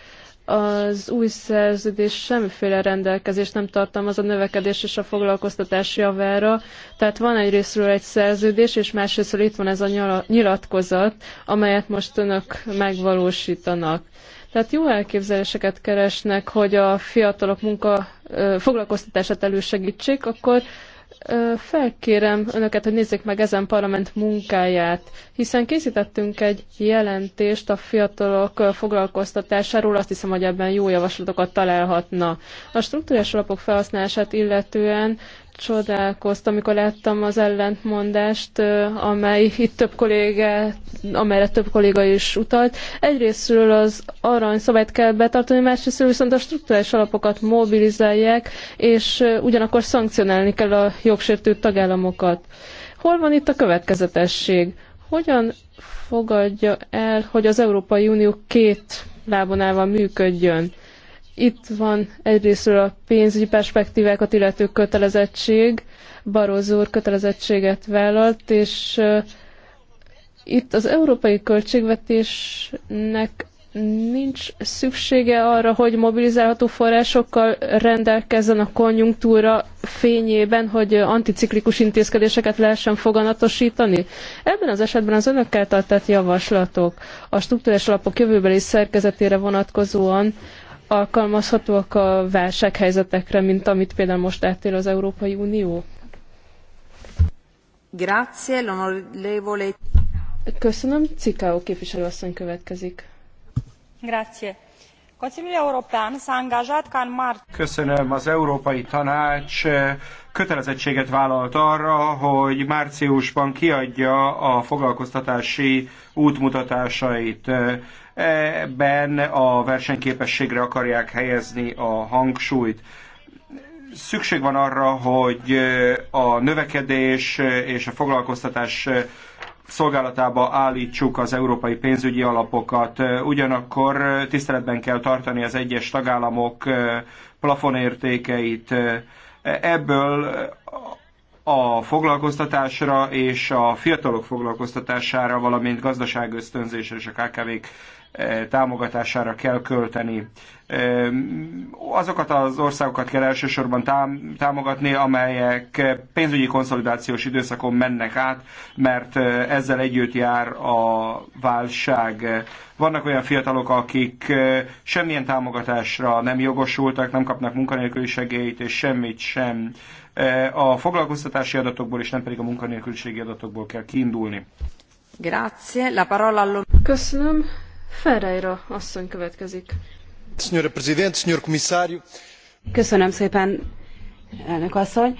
az új szerződés semmiféle rendelkezést nem tartalmaz a növekedés és a foglalkoztatás javára. Tehát van egyrésztről egy szerződés, és másrésztről itt van ez a nyilatkozat, amelyet most önök megvalósítanak. Tehát jó elképzeléseket keresnek, hogy a fiatalok munka foglalkoztatását elősegítsék, akkor Felkérem önöket, hogy nézzék meg ezen parlament munkáját, hiszen készítettünk egy jelentést a fiatalok foglalkoztatásáról, azt hiszem, hogy ebben jó javaslatokat találhatna. A struktúrás alapok felhasználását illetően csodálkoztam, amikor láttam az ellentmondást, amely itt több kolléga, amelyre több kolléga is utalt. Egyrésztről az arany szabályt kell betartani, másrésztről viszont a struktúrális alapokat mobilizálják, és ugyanakkor szankcionálni kell a jogsértő tagállamokat. Hol van itt a következetesség? Hogyan fogadja el, hogy az Európai Unió két lábon állva működjön? Itt van egyrésztről a pénzügyi perspektívákat illető kötelezettség, Barózó úr kötelezettséget vállalt, és itt az európai költségvetésnek nincs szüksége arra, hogy mobilizálható forrásokkal rendelkezzen a konjunktúra fényében, hogy anticiklikus intézkedéseket lehessen foganatosítani? Ebben az esetben az önök által tett javaslatok a struktúrás alapok jövőbeli szerkezetére vonatkozóan alkalmazhatóak a válsághelyzetekre, mint amit például most átél az Európai Unió? Grazie, l'onorevole. Köszönöm, Cikao képviselőasszony következik. Grazie. Consiliul European s-a angajat ca în martie. Köszönöm, az Európai Tanács eh, kötelezettséget vállalt arra, hogy márciusban kiadja a foglalkoztatási útmutatásait. Eh, ben a versenyképességre akarják helyezni a hangsúlyt. Szükség van arra, hogy a növekedés és a foglalkoztatás szolgálatába állítsuk az európai pénzügyi alapokat. Ugyanakkor tiszteletben kell tartani az egyes tagállamok plafonértékeit. Ebből a foglalkoztatásra és a fiatalok foglalkoztatására, valamint gazdaságösztönzésre és a KKV-k e, támogatására kell költeni. E, azokat az országokat kell elsősorban támogatni, amelyek pénzügyi konszolidációs időszakon mennek át, mert e, ezzel együtt jár a válság. Vannak olyan fiatalok, akik semmilyen támogatásra nem jogosultak, nem kapnak munkanélküli segélyt, és semmit sem Eh, a foglalkoztatási adatokból és nem pedig a munkanélküliségi adatokból kell kiindulni. Grazie. La parola allo... Köszönöm. Ferreira asszony következik. Signora Presidente, Signor Commissario. Köszönöm szépen, elnök asszony.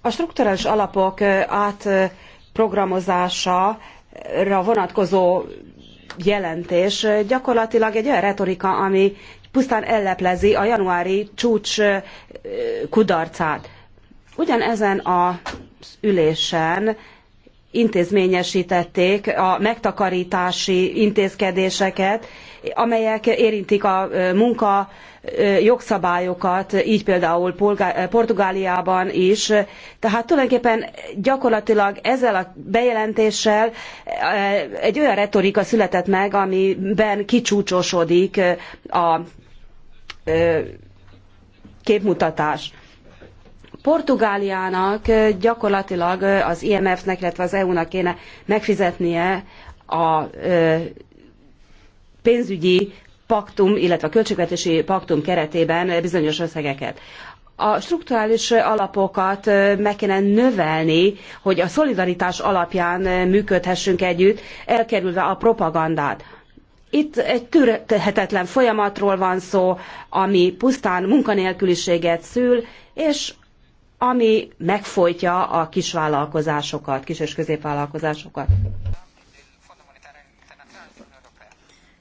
A strukturális alapok eh, átprogramozása vonatkozó jelentés eh, gyakorlatilag egy olyan retorika, ami pusztán elleplezi a januári csúcs kudarcát. Ugyanezen a ülésen intézményesítették a megtakarítási intézkedéseket, amelyek érintik a munka jogszabályokat, így például Portugáliában is. Tehát tulajdonképpen gyakorlatilag ezzel a bejelentéssel egy olyan retorika született meg, amiben kicsúcsosodik a képmutatás. Portugáliának gyakorlatilag az IMF-nek, illetve az EU-nak kéne megfizetnie a pénzügyi paktum, illetve a költségvetési paktum keretében bizonyos összegeket. A strukturális alapokat meg kéne növelni, hogy a szolidaritás alapján működhessünk együtt, elkerülve a propagandát. Itt egy tűrhetetlen folyamatról van szó, ami pusztán munkanélküliséget szül, és ami megfojtja a kisvállalkozásokat, kis- és középvállalkozásokat.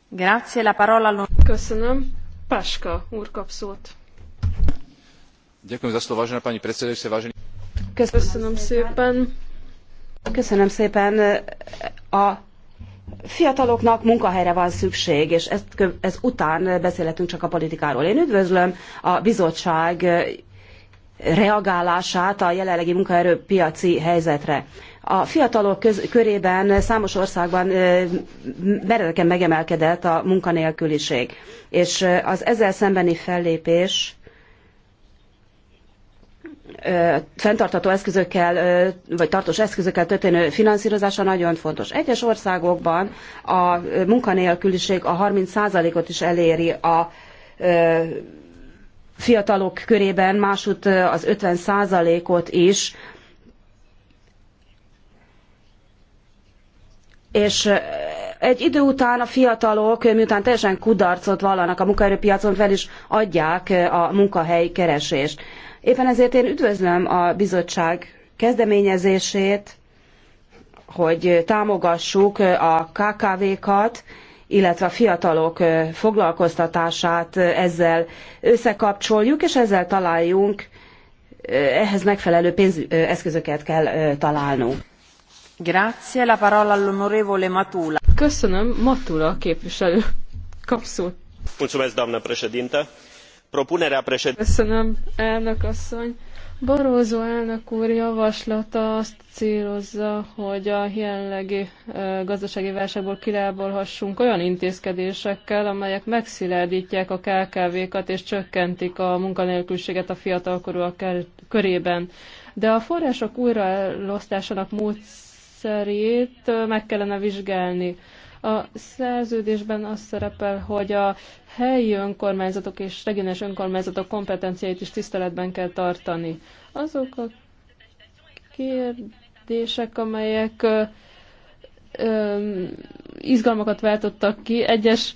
Grazie la parola. Köszönöm. Paska úr kap szót. Ďakujem za slovo, vážená pani vážený... Köszönöm szépen. Köszönöm szépen a fiataloknak munkahelyre van szükség, és ezt, ez után beszélhetünk csak a politikáról. Én üdvözlöm a bizottság reagálását a jelenlegi munkaerőpiaci helyzetre. A fiatalok köz, körében számos országban meredeken megemelkedett a munkanélküliség, és az ezzel szembeni fellépés fenntartható eszközökkel, vagy tartós eszközökkel történő finanszírozása nagyon fontos. Egyes országokban a munkanélküliség a 30%-ot is eléri a fiatalok körében, másút az 50%-ot is. És egy idő után a fiatalok, miután teljesen kudarcot vallanak a munkaerőpiacon, fel is adják a munkahely keresést. Éppen ezért én üdvözlöm a bizottság kezdeményezését, hogy támogassuk a KKV-kat, illetve a fiatalok foglalkoztatását ezzel összekapcsoljuk, és ezzel találjunk, ehhez megfelelő pénzeszközöket kell találnunk. Grazie, la parola all'onorevole Matula. Köszönöm, Matula képviselő. Kapszul. Mulțumesc, doamnă președinte propunerea președintelui. Köszönöm, elnök asszony. Barózó elnök úr javaslata azt célozza, hogy a jelenlegi gazdasági válságból kilábalhassunk olyan intézkedésekkel, amelyek megszilárdítják a KKV-kat és csökkentik a munkanélküliséget a fiatalkorúak körében. De a források újraelosztásának módszerét meg kellene vizsgálni. A szerződésben az szerepel, hogy a helyi önkormányzatok és regionális önkormányzatok kompetenciáit is tiszteletben kell tartani. Azok a kérdések, amelyek ö, ö, izgalmakat váltottak ki, egyes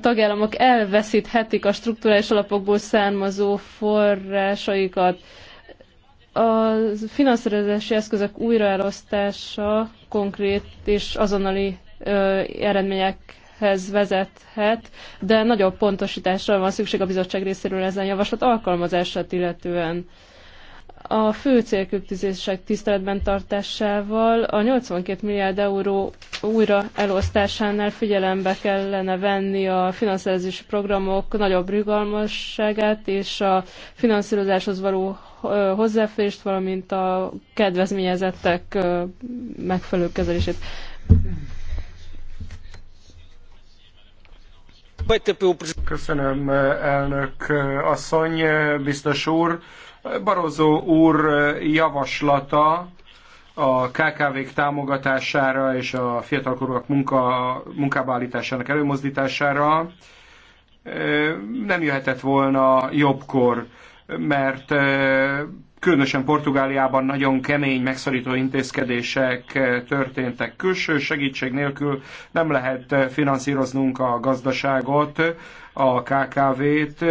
tagállamok elveszíthetik a strukturális alapokból származó forrásaikat. A finanszírozási eszközök újraelosztása konkrét és azonnali ö, eredményekhez vezethet, de nagyobb pontosításra van szükség a bizottság részéről ezen javaslat alkalmazását illetően a fő célkültözések tiszteletben tartásával a 82 milliárd euró újra elosztásánál figyelembe kellene venni a finanszírozási programok nagyobb rugalmasságát és a finanszírozáshoz való hozzáférést, valamint a kedvezményezettek megfelelő kezelését. Köszönöm, elnök asszony, biztos úr. Barozó úr eh, javaslata a KKV-k támogatására és a fiatalkorúak munka, munkába állításának előmozdítására eh, nem jöhetett volna jobbkor, mert eh, különösen Portugáliában nagyon kemény megszorító intézkedések történtek. Külső segítség nélkül nem lehet finanszíroznunk a gazdaságot, a KKV-t,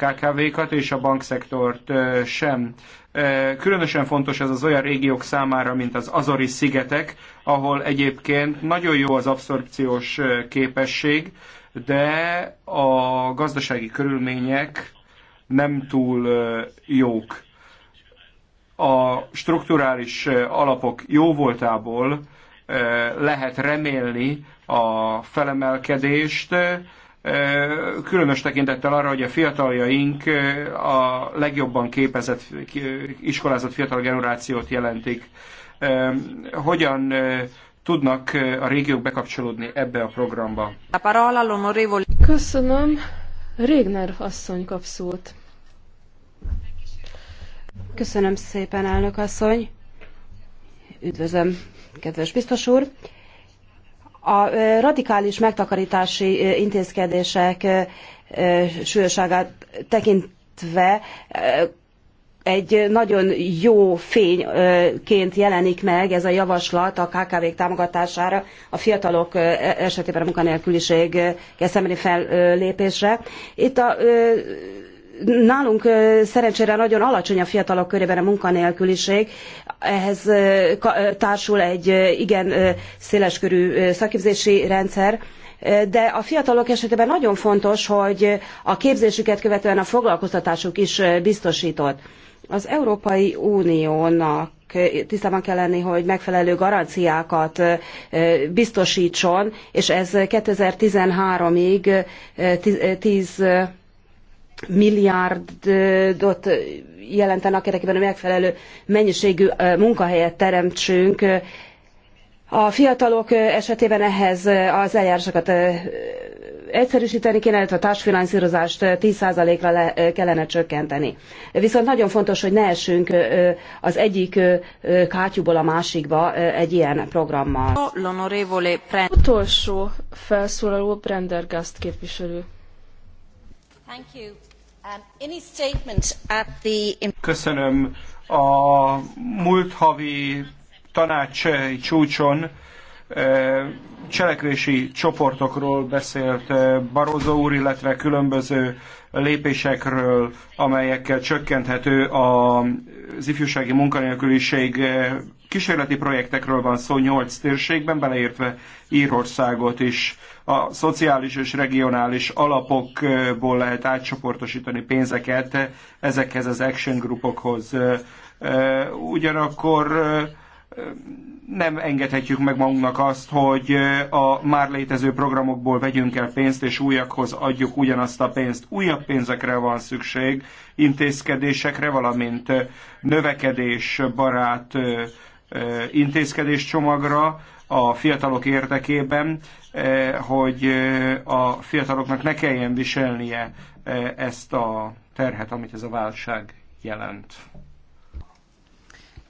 KKV-kat és a bankszektort sem. Különösen fontos ez az olyan régiók számára, mint az Azori szigetek, ahol egyébként nagyon jó az abszorpciós képesség, de a gazdasági körülmények nem túl jók. A strukturális alapok jó voltából lehet remélni a felemelkedést, különös tekintettel arra, hogy a fiataljaink a legjobban képezett iskolázott fiatal generációt jelentik. Hogyan tudnak a régiók bekapcsolódni ebbe a programba? A parola Köszönöm. Régner asszony kap szót. Köszönöm szépen, elnök asszony. Üdvözlöm, kedves biztos úr. A radikális megtakarítási intézkedések súlyoságát tekintve egy nagyon jó fényként jelenik meg ez a javaslat a KKV-k támogatására, a fiatalok e, esetében a munkanélküliséggel szembeni fellépésre. Itt a nálunk szerencsére nagyon alacsony a fiatalok körében a munkanélküliség, ehhez társul egy igen széleskörű szakképzési rendszer, de a fiatalok esetében nagyon fontos, hogy a képzésüket követően a foglalkoztatásuk is biztosított. Az Európai Uniónak tisztában kell lenni, hogy megfelelő garanciákat biztosítson, és ez 2013-ig 10 milliárdot jelentenek érdekében a megfelelő mennyiségű munkahelyet teremtsünk. A fiatalok esetében ehhez az eljárásokat egyszerűsíteni kéne, illetve a társfinanszírozást 10%-ra le kellene csökkenteni. Viszont nagyon fontos, hogy ne essünk az egyik kátyúból a másikba egy ilyen programmal. Utolsó felszólaló Brendergast képviselő. Thank you. Um, Köszönöm. A múlt havi tanács csúcson eh, cselekvési csoportokról beszélt eh, Barozó úr, illetve különböző lépésekről, amelyekkel csökkenthető az ifjúsági munkanélküliség eh, kísérleti projektekről van szó nyolc térségben, beleértve Írországot is a szociális és regionális alapokból lehet átcsoportosítani pénzeket ezekhez az action grupokhoz. Ugyanakkor nem engedhetjük meg magunknak azt, hogy a már létező programokból vegyünk el pénzt, és újakhoz adjuk ugyanazt a pénzt. Újabb pénzekre van szükség, intézkedésekre, valamint növekedés barát intézkedéscsomagra a fiatalok érdekében, Eh, hogy eh, a fiataloknak ne kelljen viselnie eh, ezt a terhet, amit ez a válság jelent.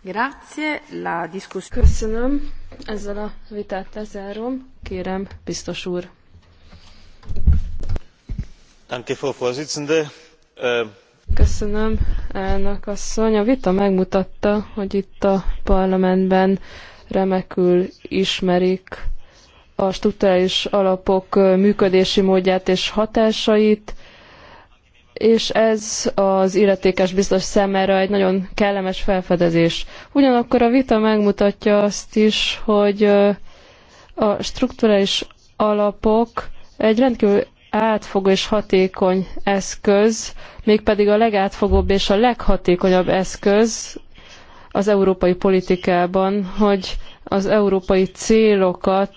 Grazie, la discussione. Köszönöm, ezzel a vitát lezárom. Kérem, biztos úr. Danke, Frau Vorsitzende. Ähm, Köszönöm, elnök asszony. A vita megmutatta, hogy itt a parlamentben remekül ismerik a strukturális alapok működési módját és hatásait, és ez az illetékes biztos számára egy nagyon kellemes felfedezés. Ugyanakkor a vita megmutatja azt is, hogy a strukturális alapok egy rendkívül átfogó és hatékony eszköz, mégpedig a legátfogóbb és a leghatékonyabb eszköz az európai politikában, hogy az európai célokat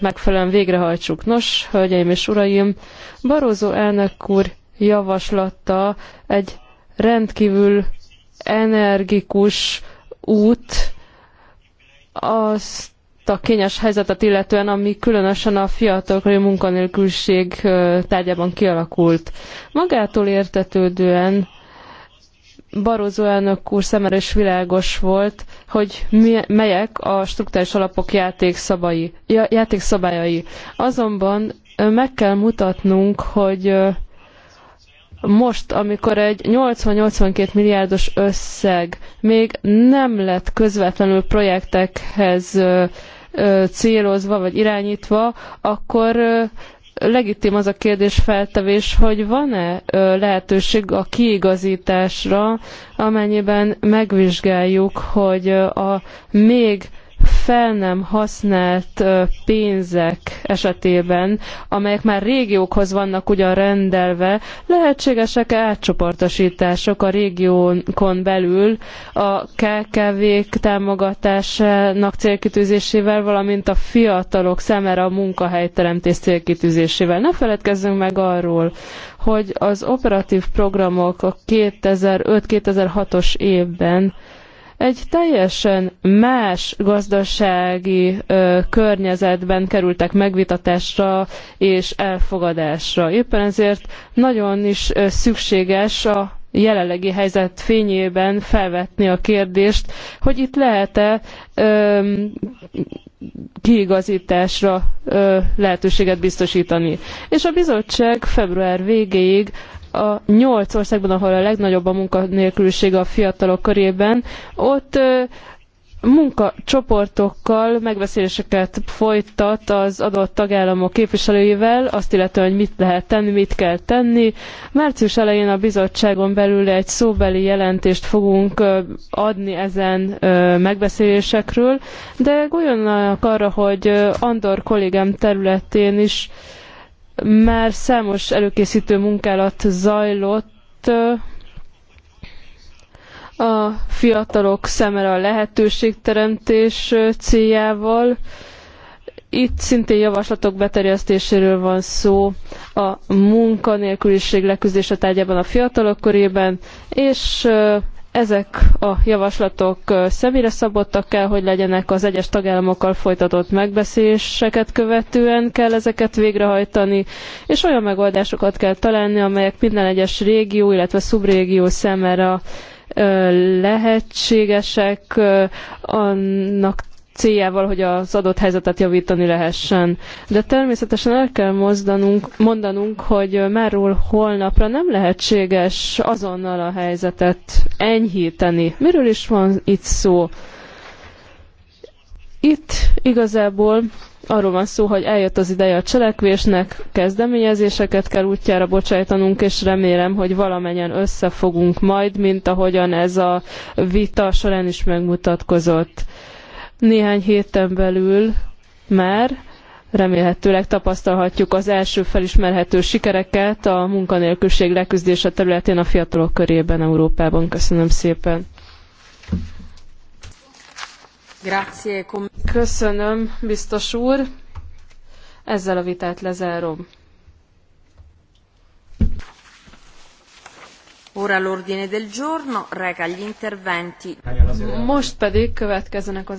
megfelelően végrehajtsuk. Nos, hölgyeim és uraim, Barozó elnök úr javaslata egy rendkívül energikus út azt a kényes helyzetet illetően, ami különösen a fiatalkori munkanélküliség tárgyában kialakult. Magától értetődően Barroso elnök úr szemére is világos volt, hogy mi, melyek a struktúrális alapok játékszabai, játékszabályai. Azonban meg kell mutatnunk, hogy most, amikor egy 80-82 milliárdos összeg még nem lett közvetlenül projektekhez célozva vagy irányítva, akkor legitim az a kérdés feltevés, hogy van-e lehetőség a kiigazításra, amennyiben megvizsgáljuk, hogy a még fel nem használt pénzek esetében, amelyek már régiókhoz vannak ugyan rendelve, lehetségesek átcsoportosítások a régiókon belül a KKV-k támogatásának célkitűzésével, valamint a fiatalok számára a munkahelyteremtés célkitűzésével. Ne feledkezzünk meg arról, hogy az operatív programok a 2005-2006-os évben egy teljesen más gazdasági ö, környezetben kerültek megvitatásra és elfogadásra. Éppen ezért nagyon is ö, szükséges a jelenlegi helyzet fényében felvetni a kérdést, hogy itt lehet-e kiigazításra ö, lehetőséget biztosítani. És a bizottság február végéig a nyolc országban, ahol a legnagyobb a munkanélküliség a fiatalok körében, ott munkacsoportokkal megbeszéléseket folytat az adott tagállamok képviselőivel, azt illetően, hogy mit lehet tenni, mit kell tenni. Március elején a bizottságon belül egy szóbeli jelentést fogunk adni ezen megbeszélésekről, de gondoljanak arra, hogy Andor kollégám területén is már számos előkészítő munkálat zajlott a fiatalok szemére a lehetőségteremtés céljával. Itt szintén javaslatok beterjesztéséről van szó a munkanélküliség leküzdése tárgyában a fiatalok körében, és ezek a javaslatok személyre szabottak kell, hogy legyenek az egyes tagállamokkal folytatott megbeszéléseket követően kell ezeket végrehajtani, és olyan megoldásokat kell találni, amelyek minden egyes régió, illetve szubrégió számára lehetségesek annak céljával, hogy az adott helyzetet javítani lehessen. De természetesen el kell mozdanunk, mondanunk, hogy máról holnapra nem lehetséges azonnal a helyzetet enyhíteni. Miről is van itt szó? Itt igazából arról van szó, hogy eljött az ideje a cselekvésnek, kezdeményezéseket kell útjára bocsájtanunk, és remélem, hogy valamennyien összefogunk majd, mint ahogyan ez a vita során is megmutatkozott. Néhány héten belül már remélhetőleg tapasztalhatjuk az első felismerhető sikereket a munkanélküliség leküzdése területén a fiatalok körében Európában. Köszönöm szépen. Grazie. Köszönöm, biztos úr. Ezzel a vitát lezárom. Ora l'ordine del giorno reca gli interventi. Most pedig következzenek az